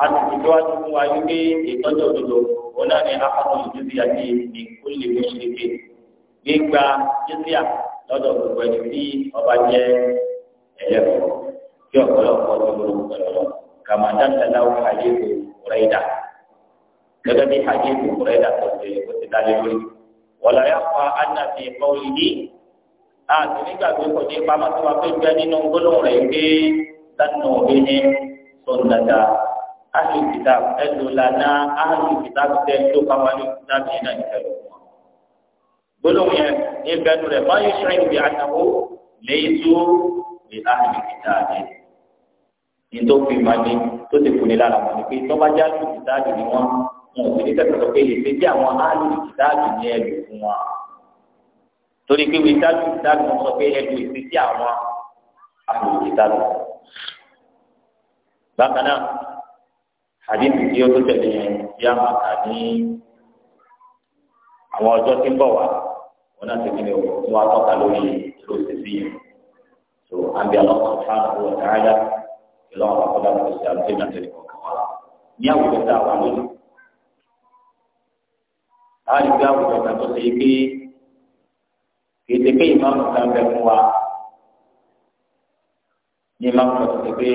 أتجواتكم وأيوبي إتجوتلو هنا أحد الجزية من كل مشرك gbígba jíjìá lọ́dọ̀ gbogbo ẹni tí ọba jẹ́ ẹlẹ́kọ̀ọ́ kí ọ̀pọ̀lọpọ̀ tó lóru pẹ̀lú kàmáńdàtàlá hàjẹ́kù rẹ̀dà gẹ́gẹ́ bí hàjẹ́kù rẹ̀dà tó ṣe kó ti dálé lórí. wọ̀lọ́yà pa ánàfẹ́ kọ́ọ̀lì yìí àti nígbàgbé kò ní pamọ́ tí wọ́n fẹ́ gbẹ nínú gbólóhùn rẹ̀ gbé sanu ìní sọ̀dàdà alùpùpù ẹ̀dùn lànà alùpùpù tẹ̀ tó pamọ́ alùpùpù yìí náà ìfẹ́ lọ. gbólóhùn yẹn ní bẹ́ẹ̀nu rẹ̀ máa yẹ sọ́yìn bí àtàwọ̀ lẹ́yìn tó lè alùpùpù àdé. nítorí ìmọ̀ni tó ti fún ni lára wọn ni pé tó bá jẹ́ alùpùpù àdé ni wọ́n wọn ò sì ní tẹ̀sán pé èsì tí àwọn alùpùpù àdé ni ẹ torí pé wí dájú dájú sọ pé ẹnu ìsìn sí àwọn àbòjì dájú. bákan náà àdéhùn tí ó tó tẹ̀lé yẹn tí a máa kà ní àwọn ọjọ́ tí ń bọ̀ wá wọn náà ti kíni o tí wọ́n á tọ́ka lórí ìlú òṣèṣì yẹn. tó àbí ọlọ́kàn fáwọn owó ọ̀tá ayá ìlú àwọn akọ́dá tó ṣe àti ìlú àtẹ̀lé ní àwùjọ tá a wà lónìí. láàrin bí àwùjọ kan tó ṣe é pé kéde pé ìmáàmù kan bẹ fún wa ní ìmáàmù kan ti pé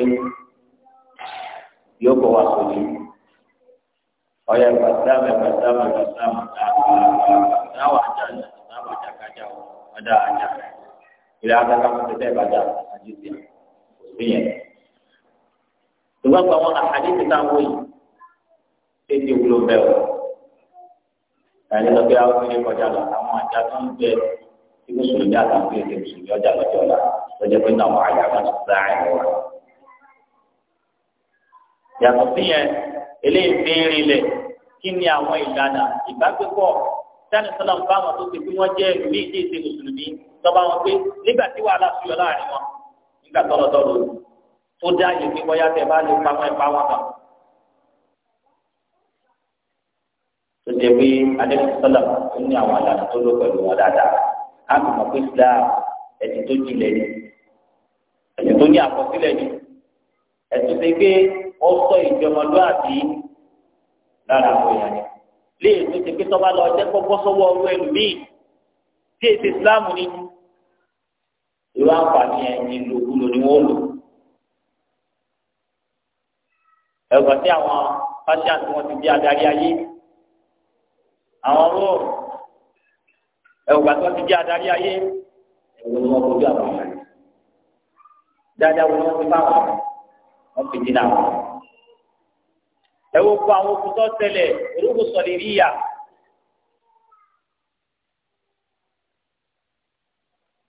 yóò kọ wa sódì ọyọ ìgbàsáàmù ìgbàsáàmù ìgbàsáàmù táwa ajá ní táwa ajá kájà o ọjà ajá ìlà àtàkà fún tẹtẹ ìbàjá àjùtì òfìyẹ. ìgbàgbọ́ àwọn àhàdìsí táwọn yìí tètè wúlò bẹ́ẹ̀ o. ìyàlẹ́ lọ bí àwọn ilé kọjá lọ àwọn ajá tó ń bẹ tí mùsùlùmí àtàkùn èdè mùsùlùmí ọjà lọ́jọ́ ọ̀la lọ́jọ́ pé náà wàá yàrá tó láàrin wa. ni àwọn ìlànà ìbágbépọ̀ sani sọlá ń bá wọn tó ti fi wọn jẹ́ méjì ìṣe mùsùlùmí tọ́ba wọn pé nígbà tí wàhálà sùn yọ láàrin wọn nígbà tọ́lọ́tọ́lọ́ tó dá yìí pé bọ́yá tẹ bá á sì mọ̀ pé islam ẹ̀sìn tó jinlẹ̀ ni ẹ̀sìn tó ní àkọsílẹ̀ ni ẹ̀sìn tó gbé ó sọ ìjọmọlúwàbí lára àwọn ni léè tó ti pé tọ́ba lọ jẹ́ kó bọ́ sọ́wọ́ ọwọ́ ẹlòmíì tí èsì islam ni irú àǹfààní ẹ̀yìn lòkulò ni wọ́n lò ẹ̀gbọ́n tí àwọn fásitì àti wọn ti di adarí ayé àwọn róòmù ẹwùgbà tó ti jẹ́ adarí ayé ẹwùn ni wọ́n kojú àwọn ọmọ rẹ̀ dáadáa wọn ti bá wọn wọn fi dín àwọn ẹwùn kọ àwọn okùn tó tẹlẹ olóko sọlẹ ríyà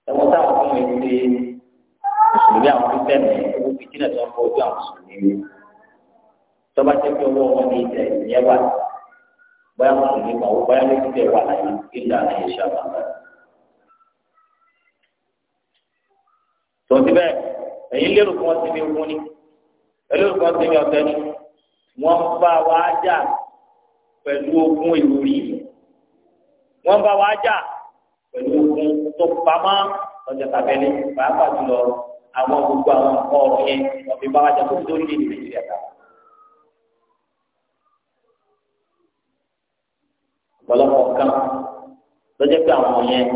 ẹwùn táwọn fún mi ti mùsùlùmí àwọn tó tẹ̀lé owó fi dín ẹ̀sán fún ojú àwọn mùsùlùmí tọ́ba jẹ́ pé owó wọn ní ìtẹ̀ ìyẹ́wà bóyá mùsùlùmí kan ó bóyá méjì tẹ̀ wà láyé ìlà àyè ṣàbàbà. tòun ti bẹ́ẹ̀ ẹ̀yin lérò kí wọ́n ti mi wú ni ẹlẹ́rù kan ti mi ọ̀tẹ́ ni wọ́n bá wa jà pẹ̀lú ogun ìròrí wọ́n bá wa jà pẹ̀lú ogun tó pamọ́ ọjà tàbẹ́lẹ́ pàápàá jùlọ àwọn gbogbo àwọn ọ̀rọ̀ yẹn wọ́n fi bá wa jà tó lórílẹ̀-èdè nàìjíríà káwọn. pọ̀lọpọ̀ kan lọ́jọ́ pé àwọn yẹn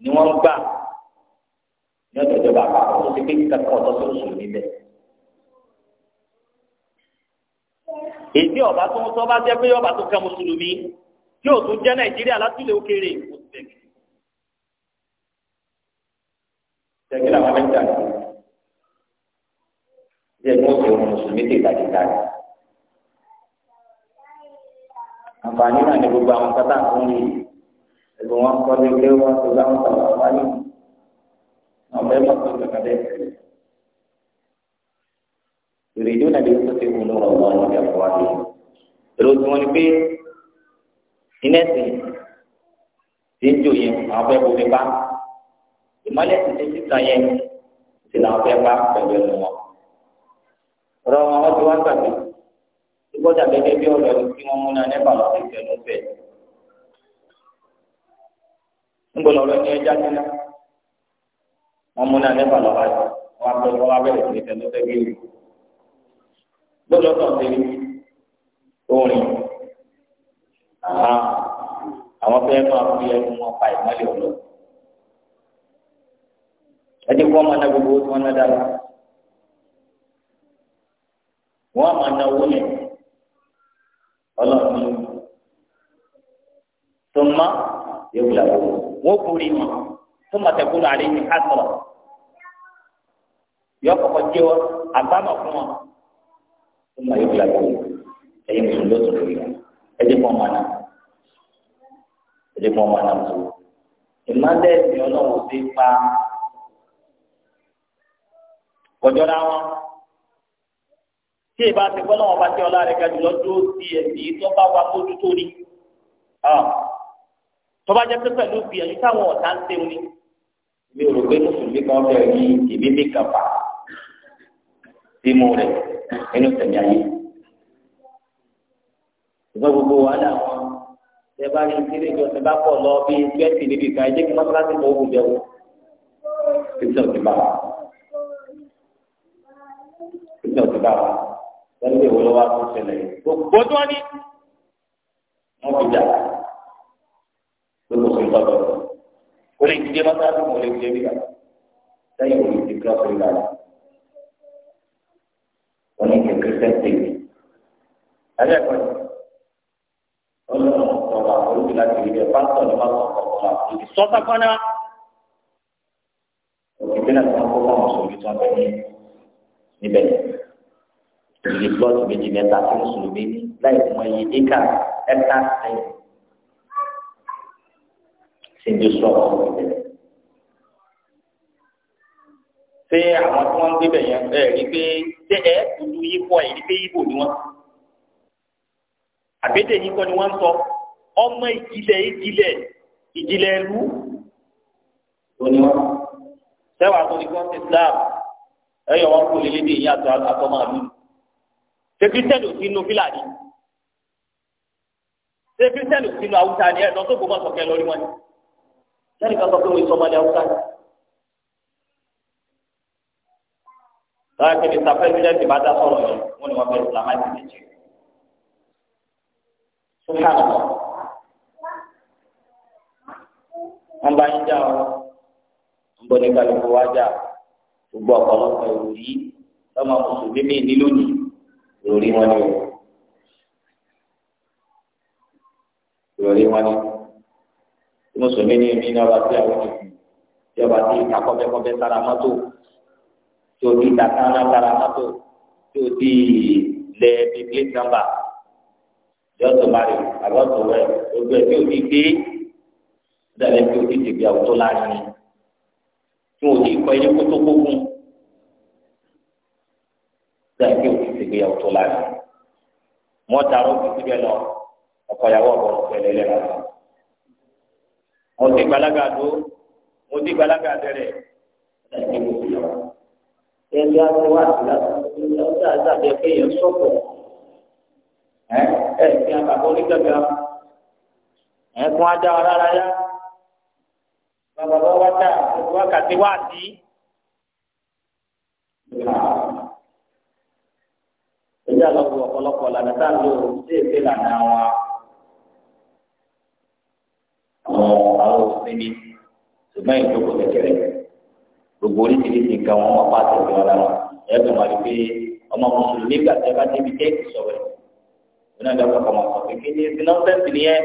ni wọ́n ń gbà ní ọ̀dọ̀ ìjọba àpapọ̀ tó ti pé kankan ọ̀tọ̀ sòròsòrò níbẹ̀. èdè ọba tó ń sọ bá jẹ́ pé ọba tó kẹ́ mùsùlùmí tí ò tún jẹ́ nàìjíríà látìlẹ̀ òkèèrè kò sí tẹ̀gì. tẹ̀gì làwọn mẹ́ta ni bí ẹgbẹ́ òṣèlú mùsùlùmí ti ìdájí dáadáa. àǹfààní náà ní gbogbo àwọn kátà tó ń yìí ẹgbẹ́ wọn kọ́ ní ilé wọn tó láwọn tó wọn wáyé náà bẹ́ẹ̀ mọ̀ tó kàkà bẹ́ẹ̀ sí. ìrìndó náà lè tó ti wù lọ́wọ́ wọn ní ìjà fún wa lé. èrò tí wọ́n ní pé iná ẹ̀sìn ti ń jò yẹn àwọn fẹ́ bomi bá ìmọ̀lẹ̀ ti ti sísan yẹn ti làwọn fẹ́ bá pẹ̀lú ẹnu wọn. ọ̀rọ̀ wọn wọ́n wá gbàgbé kódà gẹ́gẹ́ bí ọ̀rọ̀ tí wọ́n múná nípa lọ́sẹ̀ ìfẹ́nu fẹ́. ńgbọ́n ọ̀rọ̀ ní ẹja tẹ́lá wọ́n múná nípa lọ́sẹ̀ wọ́n abẹ́ wọ́n abẹ́rẹ́ sí ìfẹ́nu fẹ́ gbé gbọ́dọ̀ tán sí orin àwọn fẹ́ẹ́ máa fi ẹnu wọn pa ìmọ́lẹ̀ ọ̀lọ́ ẹni kọ́ máa ná gbogbo tí wọ́n dára wọ́n máa ná owó ọlọ́ọ̀ni tó má yóò wúlò àwọn wọn kú rí wọn tó má tẹkùn lọ àlejò ká sọ̀rọ̀ yọ kọ́kọ́ jẹ́ wọn àgbámọ̀ fún wọn tó má yóò wúlò àwọn ẹ̀yin mùsùlùmí ló sọ̀rọ̀ yìí ẹ̀jẹ̀ fún ọmọ náà ẹ̀jẹ̀ fún ọmọ náà tó ìmọ̀lẹ́ ẹ̀sìn ọlọ́run ti pa ọjọ́ ra wọn tí ìbá ti gbọ́ náà wọ́n bá tí ọlá rẹ̀ ga jùlọ dúró sí ẹ̀sìn tó bá wa bójú tó rí tó bá jẹ́ pé pẹ̀lú gbìyànjú táwọn ọ̀tá ń tẹun ni mi ò rò pé mùsùlùmí kan fẹ́ rí èmi mi kàn fà sí mu rẹ̀ nínú tẹ̀mí ayé ìgbà gbogbo wàhálà wọn tẹ bá rí sílé ìjọsìn bá pọ̀ lọ bí twenty níbi kan ẹ kí mọ́sálásí kan ó jẹ́ wọ́n títí pẹ̀lú ìwọlọ wa tó ṣẹlẹ̀ yìí gbogbo tó ní wọn fi jà gbogbo sí nǹkan tó o lè jíjẹ lọ́sàá tó o lè jíjẹ bí kàtà sẹ́yìn o lè ti kí ọ̀sẹ̀ ìgbà rẹ̀ wọn ní kẹ̀kẹ́ sẹ́ńtì ẹ̀jẹ̀ kan ọlọ́run ọ̀tọ̀ọ̀tọ̀ àforíjì láti rí bẹ́ẹ̀ pásítọ̀ ní pásítọ̀ ọ̀tọ̀ọ̀tọ̀ àforíjì sọ́tà kọ́nà òkè bí náà tó ń kó fún àwọn sòmí tó ní níbẹ̀ iye plọt méjì mẹ́ta fún mùsùlùmí láì mọ iye éka ẹ̀ka sẹ́yìn ṣèjọ sọ̀rọ̀ ọ̀gbìn. ṣé àwọn tí wọ́n ń gbé bẹ̀yẹn ẹ̀ rí pé ṣé ẹ̀ tuntun yìí pọ̀ ẹ̀ rí pé ibo ni wọ́n. àbẹ́tẹ̀ yìí kọ́ ni wọ́n ń sọ ọmọ ìjìnlẹ̀ ìjìnlẹ̀ ìjìnlẹ̀ ẹlú lónìí wọn. sẹ́wọ̀n àtúndì kan ti Islam ẹ̀yọ̀ wọn kò lè lédè ìyá àtọ́ àtọ́mọ́ àlùmọ́ ṣé kírísítẹ́nì ò sí inú fílàní ṣé kírísítẹ́nì ò sí inú haúsá ni ẹ lọ sóko bá sọ̀kẹ́ lórí wọn lẹ́yìn kan sọ pé wọ́n sọ ọmọdé haúsá ni. lọ́wọ́ ẹ̀kẹ́ ní sàfẹ́ ìbílẹ̀ ti bá dá sọ̀rọ̀ yìí wọ́n ní wọ́n fẹ́ ìsìlámà ti lè jẹ́ sùkàlù lọ. wọ́n bá yín já ọ ń bọ̀ ní kálukú wájà gbogbo ọ̀pọ̀lọpọ̀ ìròyìn lọ́mọ mùsùlùmí mi ní lórí wọn ni lórí wọn ni mùsùlùmí ni èmi ní ọba tí àwọn ènìyàn tí ọba tí ìta kọ́bẹ́kọ́bẹ́ sára mọ́tò tí o ti ìta sára sára mọ́tò tí o ti lẹ bí plate number yọtò bari àbọ̀tò rẹ gbogbo ẹ̀ tí o ti dé dàbẹ̀ tí o ti dèbí àwùjọ láàrin tí o ti kọ́ ilé kótó kókun dàbẹ̀ o ìgbéyàwó tó láàyè wọn darọ títí bẹ́ẹ̀ lọ ọkọ ìyàwó ọkọ ìfẹlẹ lẹba lọ mo ti gbalaga do mo ti gbalaga dẹrẹ ẹni mo ti lọ ẹni a ti wá sí lásìkò ọjà àtàbí ẹgbẹ́ yẹn sọpọ ẹ ẹ ti onígbàgbà ẹ kún ajá rárá yá bàbá bá wá wákàtí wá díà lọ́pọ̀ ọ̀pọ̀lọpọ̀ lànà tá à ń lò sí èké lànà wa àwọn àwọn òfin ni ṣùgbọ́n ìjókòó kékeré gbogbo oríṣiríṣi nǹkan wọn wọn bá tẹ̀lé wọn lára ẹ̀ẹ́dùn máa rí pé ọmọ mùsùlùmí gbà tẹ́ bá débi kéèkì sọ̀rọ̀ ẹ̀ ìná ìjọba kan máa sọ pé kí ni ti nọ́ńsẹ̀nsì nìyẹn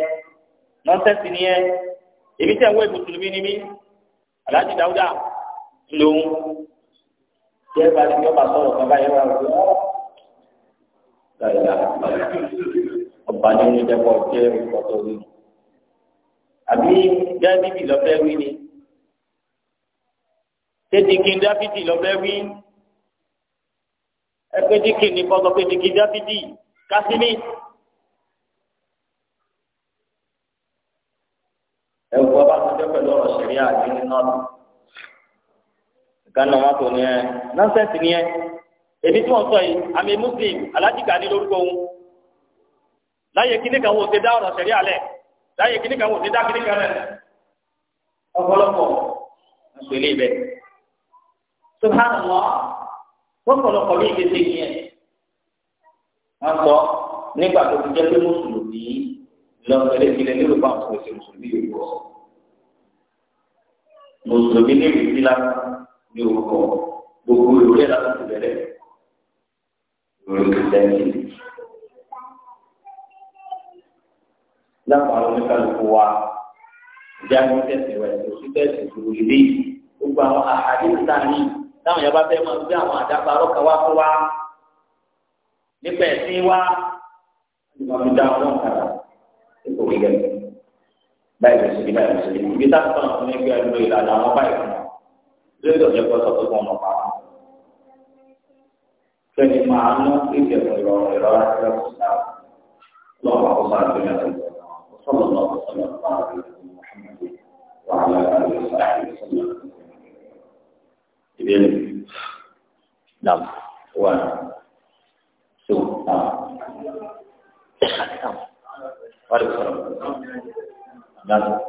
nọ́ńsẹ̀nsì nìyẹn èmi tẹ̀ ń wé mùsùlùmí ni mí aláàjì dáúdà lòun tẹ́ bá rí ọba sọ̀rọ̀ kan báyẹn wà lóyún láyà ọba nínú ìjẹ́pọ̀ jẹ́ ìkọ́tọ̀ ni àbí dábìbì lọ́fẹ́ wí ni tẹ́tìkì dábìbì lọ́fẹ́ wí ẹgbẹ́dìkì ní kọ́tọ̀ pẹ́tìkì dábìbì kásímì. ẹ̀wọ́ bá ti jẹ́ pẹ̀lú ọ̀rọ̀ ṣẹ̀ríà nínú náà. ìkànnì wọn kò ní ẹ nọ́ọ̀sẹ̀sì ní ẹ èmi tí wọ́n sọ yìí àmì muslim Alhaji Gani lórúkọ òun láyé kíní kan wò ó ti dá ọ̀rọ̀ sẹ̀rí alẹ̀ láyé kíní kan wò ó ti dá kíní kan rẹ̀ ọ̀pọ̀lọpọ̀ àpò ilé ibẹ̀ subhanallah pọ̀pọ̀lọpọ̀ bí ìgbésẹ̀ yìí yẹn wọ́n sọ nígbà tó ti jẹ́ pé mùsùlùmí lọ́sọ̀rọ̀ ìpìlẹ̀ lérò bá àwọn òṣèlú mùsùlùmí yòókù ọ̀ mùsùlùmí lérò ìpìlẹ̀ yòókù ọ̀ gbogbo ìròyìn láti bẹ̀rẹ̀ lórí kìtẹ́kì. lápá àwọn oníkàlùkù wa ìjà ní tẹ̀sí rẹ̀ kò sí tẹ̀sí ìṣòro ilé gbogbo àwọn àhàdé níta ní táwọn yàrá fẹ́ máa gbé àwọn àdàpà ọkà wá fún wa nípa ẹ̀sìn wa ìmọ̀ mi dá ọlọ́run kàdà ipò gígẹ́ báyìí lọ sí báyìí lọ sí ibi táwọn ọmọ ẹgbẹ́ ẹgbẹ́ ìlànà àwọn báyìí fún wa lórí ọ̀jọ̀ pọ̀ sọ́kọ̀ fún ọmọ pàápàá. فإن معنا إجابة الله إلى آخر الساعة اللهم صل على سيدنا وصلى الله وسلم على نبينا محمد وعلى آله وصحبه وسلم إذن نعم وأنا سوء نعم وعليكم السلام نعم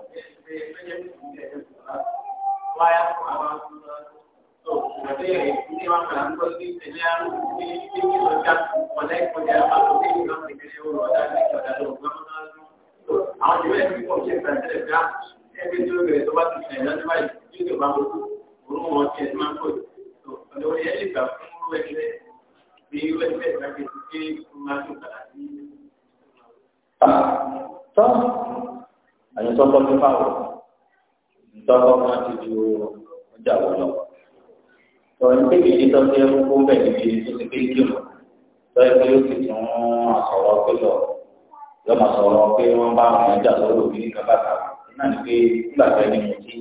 àwọn ìwé ẹ̀rí pọ̀ ṣe ìgbàsílẹ̀ gbá ẹgbẹ́ tí ó bẹ̀rẹ̀ tó bá ti ṣẹlẹ̀ lọ́dún báyìí tí ó bá gbogbo òun wọn ti ẹ̀sìn máa ń pọ̀ tó ọ̀dọ̀ orí ẹ̀ lè gbà fún irú ẹgbẹ́ bí irú ẹgbẹ́ ìgbàgbé ti gbé máa tó gbà láti. tọ́ àyẹ̀tọ́ kọ́ fífà wọ̀ tọ́ kọ́ máa ti ju ọjà wọ̀ lọ́wọ́ tọ́yìn pé kìí tó ṣe ń kó bẹ̀ níbi tó ṣe pé kí tọ́yìn pé ó sì tún àsọ̀rọ̀ pé lọ yọ máa sọ̀rọ̀ pé wọ́n bá àwọn ẹja sọ̀rọ̀ òbí ní kábàtà náà ni pé nígbà tó ẹni mú sí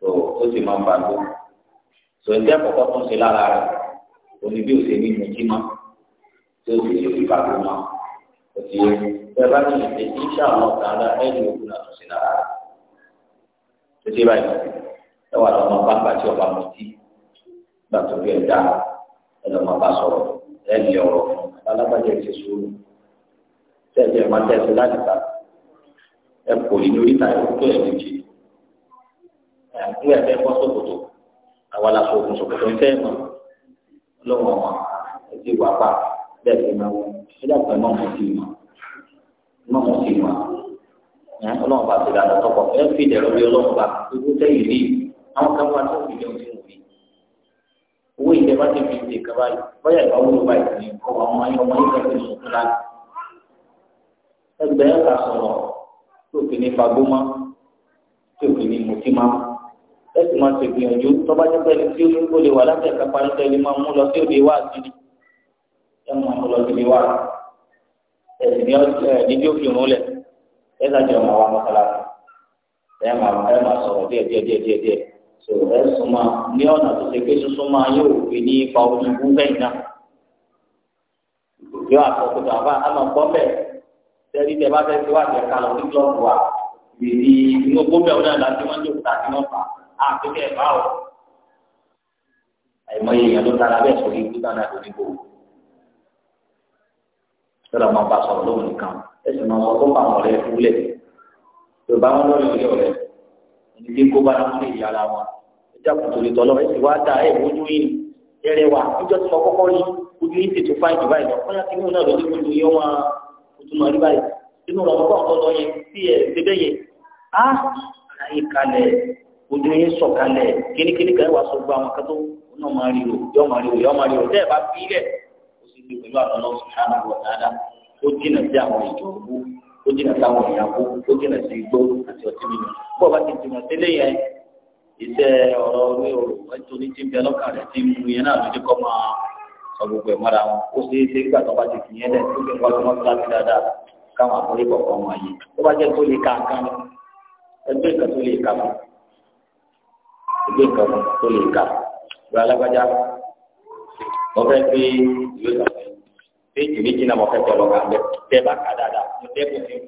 tó ó sì máa ń bá tó tó ẹjẹ́ àkọ́kọ́ tó ń ṣe lára rẹ̀ òní bí ó mú sí mọ́ tó sì lè fi bàbá mọ́ ó ti bẹ́ẹ̀ bá ní ìṣe tí sàmọ́ kàdá ẹ̀yìn òkú náà tó ṣe lára rẹ̀ tó ṣe báyìí ẹ wà lọ́mọ bá ń bá tí ọba mú sí gbàtọ́ bí ẹ̀dá ẹlọ́mọ bá sọ̀rọ̀ ẹ̀mí ọ̀rọ̀ fún alábàjẹ́ ti sùúrù tẹ̀lé máa tẹ̀sí láti ta ẹ̀ kò yí lórí ta ẹ̀ tó ẹ̀mí jì ẹ̀ ń gbé ẹ̀fẹ́ bọ́ sòkòtò àwa la sòkòtò sòkòtò ń fẹ́ mọ̀ lọ́wọ́ wọn ẹtì wà pa bẹ́ẹ̀ fi máa wọ ẹ̀dá pẹ̀ mọ́ mọ́ sí mọ́ mọ́ mọ́ sí mọ́ ọlọ́run bá ti dáná tọkọ ẹ fi fi bá ti fi ṣe ìkàbá yìí bóyá ìwà wúlò bá ìsìn kọ́ àwọn ayé ọmọ yìí kẹ́kẹ́ sùn fún lánàá. ẹgbẹ́ ẹ̀ka sọ̀rọ̀ tó fi ní fagbó mọ́ tó fi ní mutí mọ́ ẹ sì máa ṣègbìyànjú tó bá jẹ́ pẹ́ni tí ó lè wà láti ẹ̀ka parí tẹ́lẹ̀ máa mú lọ sí òde wá sí ni ẹ máa mú lọ sí ni wá ẹ̀sìn ní bí ó fi rún lẹ̀ ẹ sàjọ ọmọ wa mọ́sálásí ẹ ẹ súnmọ́ ní ọ̀nà tó ṣe pé súnmọ́ yóò fi ní ipa omi ìbú bẹ́ẹ̀ náà yóò àtọkùtà bá àmọ́ gbọ́ bẹ́ẹ̀ tẹ́lí tẹ́ bá fẹ́ fi wá jẹ́ kálọ̀ ní kílọ̀bù wa ìdí inú gbọ́bẹ̀ ọ̀dà láti wọ́n jò kúta tí wọ́n fà á àpékẹ́ bá ọ̀ àìmọye èèyàn ló tara bẹ́ẹ̀ sọ̀rọ̀ ikú dáná tó ní gbòòrò sọ̀rọ̀ máa bá sọ̀rọ̀ lóhùn nìkan ẹ̀sìn máa sọ fún àwọn ọ̀rẹ́ ìfúlẹ̀ yorùbá wọn lọ́ọ́ ọ̀rẹ́ ẹni kó bá lọ́ọ́ lè yára wọn jákùtò lè tọ́lọ́ ẹ sì wá da ẹ ojú yìí ẹrẹ wa níjọ́ tí mo kọ́kọ́ rí ojú yìí ṣètò fáìlì báyìí lọ fún yàtí mímu náà lójú ojú yìí wọn ojú màrí báyìí inú rẹ̀ ọkọ̀ ọ̀tọ̀ lọ yẹn sí ẹ̀ débẹ̀ yẹn á ayé kalẹ̀ ojú yìí sọ̀ kalẹ̀ kínníkínní kan wà sọ gba àwọn kan tó náà máa rí o yọ máa rí o yọ máa rí o tẹ́ ẹ bá fi ilẹ̀ o sì fi pẹ̀lú àtọ̀ náà sùn náà wọ̀ dáadáa ó jìnà sí àwọn ìjọ ó jìnà sí àwọn ìyàwó ó jìnà sí igbó àti ọtí mímu bọ́ọ̀ bá ti jìnà sí yẹn iṣẹ́ ọ̀rọ̀ orí òòrùn ẹ̀tọ́ ní ti ń bẹ lọ́kàn rẹ̀ tí mu yẹn náà lójú kọ́ máa sọ gbogbo ẹ̀ mọ́ra wọn ó ṣeé ṣe gbà tó bá ti fi yẹn lẹ̀ tó fi wájú wọn láti dáadáa káwọn àkọlé kọ̀ọ̀kan wọn yìí tó bá jẹ́ tó lè ka kan ẹgbẹ́ kan tó lè ka fún ẹgbẹ́ kan tó lè ka ìwé alágbájá mo fẹ́ gbé ìwé kan fún péjì méjì náà mo fẹ́ tẹ̀ lọ́kàn bẹ́ẹ̀ tẹ́ bá ka dáadáa mo tẹ́ kò fi kù yìí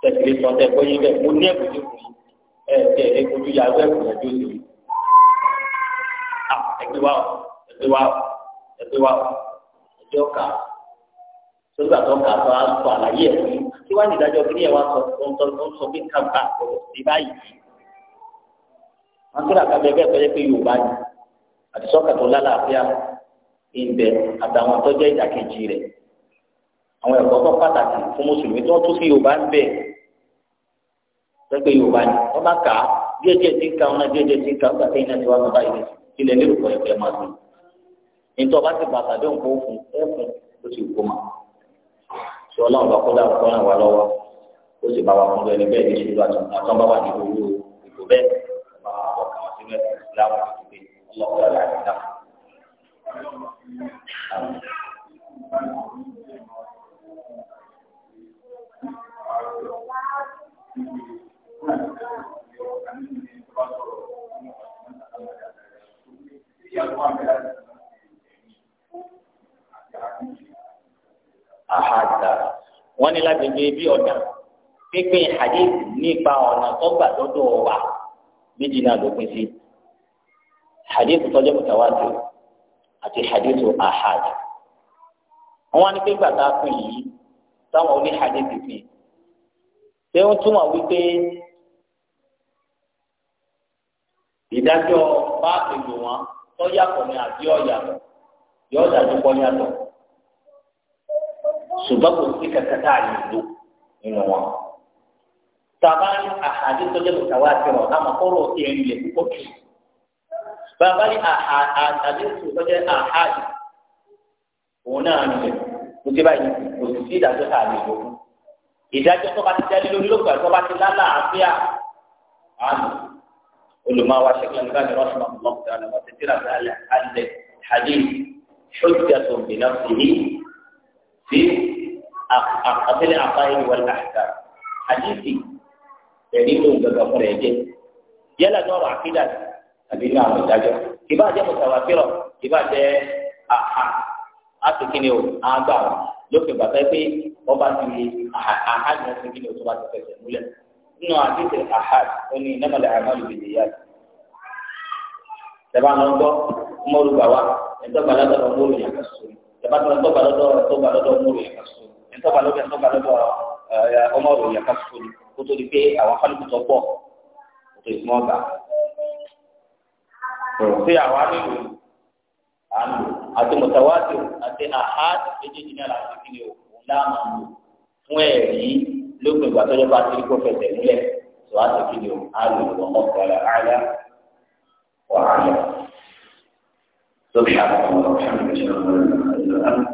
tẹ̀sílẹ̀ sọ tẹ́ kó yín bẹ́ẹ̀ mo ní ẹ̀kú tó kù yìí ẹ tẹ ẹ kojú yàrá ẹ kùnà bí ó ti rí ah, ẹgbẹ́ wa ẹgbẹ́ wa ẹgbẹ́ wa ẹgbẹ́ ọkà sọgbà tó kà tó àtọ àlàyé ẹ fún kí wàá nídájọ́ kí ni ẹ wá sọ tó ń tọ tó ń sọ bí nǹkan bá ọ̀rọ̀ sí báyìí wọn tó rà kábẹ bẹ́ẹ̀ tọjá pé Yorùbá ni àtisọ́kà tó lálàáfíà ìbẹ àtàwọn tọjá ìdàkejì rẹ̀ àwọn ẹ̀kọ́ tó pàtàkì fún mùsùlùmí tó ń tún sí Yorùbá ń bẹ sẹ́gbẹ́ yorùbá ni wọ́n bá kà á díẹ̀ díẹ̀ ti ń ka ọ̀nà díẹ̀ díẹ̀ ti ń ka ọ̀gbà tẹ́yìn náà ti wá bàbá yìí ilẹ̀ lérò kọ́ ẹ̀kẹ́ máa dùn nítorí ọba ti bàtà dé nǹkan òfun ẹ̀fun ó sì kó ma sọ ọlọ́run bá kọ́dà kọ́ náà wà lọ́wọ́ ó sì bá wa fún ẹni bẹ́ẹ̀ ní ṣùgbọ́n àtúntàn bá wà ní owó ìbò bẹ́ẹ̀ bá wà lọ kàwá sí mẹ́ta ìsìlámù àti ọlọ́kùnrin àti ìdá. Thank you. àhàdà wọn ní láti gbé bí ọ̀nà pínpín hadith nípa ọ̀nà tó gbà lọ́dọ̀ wa méjì náà ló pín sí hadith tọ́jú mutawatir àti hadith ahad wọn ní pínpín àtàkùn yìí táwọn oní hadith pín ṣé túmọ̀ ìdájọ́ báàkì lò wọ́n tọ́yàtọ̀ ní àbí ọ̀yàtọ̀ yóò dájú pọ́ yàtọ̀ ṣùgbọ́n kò sí kankan tá a lè lò nínú wọn. tàbá ní àhàdé tó lẹ́nu tàwa ti rọ̀ náà kọ́rọ̀ ti ẹ̀rí lè púpọ̀ jù. bàbá ní àhàdé tó lẹ́nu àhàdé òun náà ń lè kó tí báyìí kò sì sí ìdájọ́ tá a lè lò. ìdájọ́ tó bá ti dá lé lórí lóògbà tó bá ti lálàáfíà á olùmọ̀wá ṣẹ́gun nígbàdí rọ́ṣùmọ̀ ọ̀gbọ̀n tẹ̀lé wọ́n ti tíra bí alẹ́ alẹ́ hadith ṣojúdàtò bìnnà fìhí sí àkọsílẹ̀ àfáyé wọn àṣà hadithi ẹ̀rí ló ń gbẹgbẹ fún rẹ̀ jẹ́ yálà ní ọ̀rọ̀ àkídà àbí ní àwọn ìdájọ́ ìbá jẹ́ mùsàwákìrọ̀ ìbá jẹ́ àhà àtúkìní o àgbà lókè bàtà pé ọba ti àhà àhà ní ọ̀sẹ̀ kìíní o tó bá ti fẹsẹ̀ múlẹ̀ nínú àdìsẹ ahad oní ìnámọlẹ àmọlù bìbí yá tẹbà lọ gbọ mọlù gbà wá ẹtọgbà lọdọ lọ mọlù yàtọ sùn tẹbà tó ẹtọgbà lọdọ ẹtọgbà lọdọ mọlù yàtọ sùn ẹtọgbà lọdọ ẹtọgbà lọdọ ọmọ rò yàtọ sùn kótó di pé àwọn afánukùtọ pọ kótó ìsúná gbà tí àwa nílò àti mọ̀tàwátì àti àhádì méjèèjì náà láti fi ní òun láàmú fún ẹ̀rí lópin ìgbà tó lọ́ba tí kò fẹsẹ̀ nílẹ̀ tó a ti kí ni o a lò wọ́n mọ̀ kọ́lá àyà wà á lọ. sọ́kì àtàwọn ọ̀rọ̀ ṣàmùlẹ̀ ṣàmùlẹ̀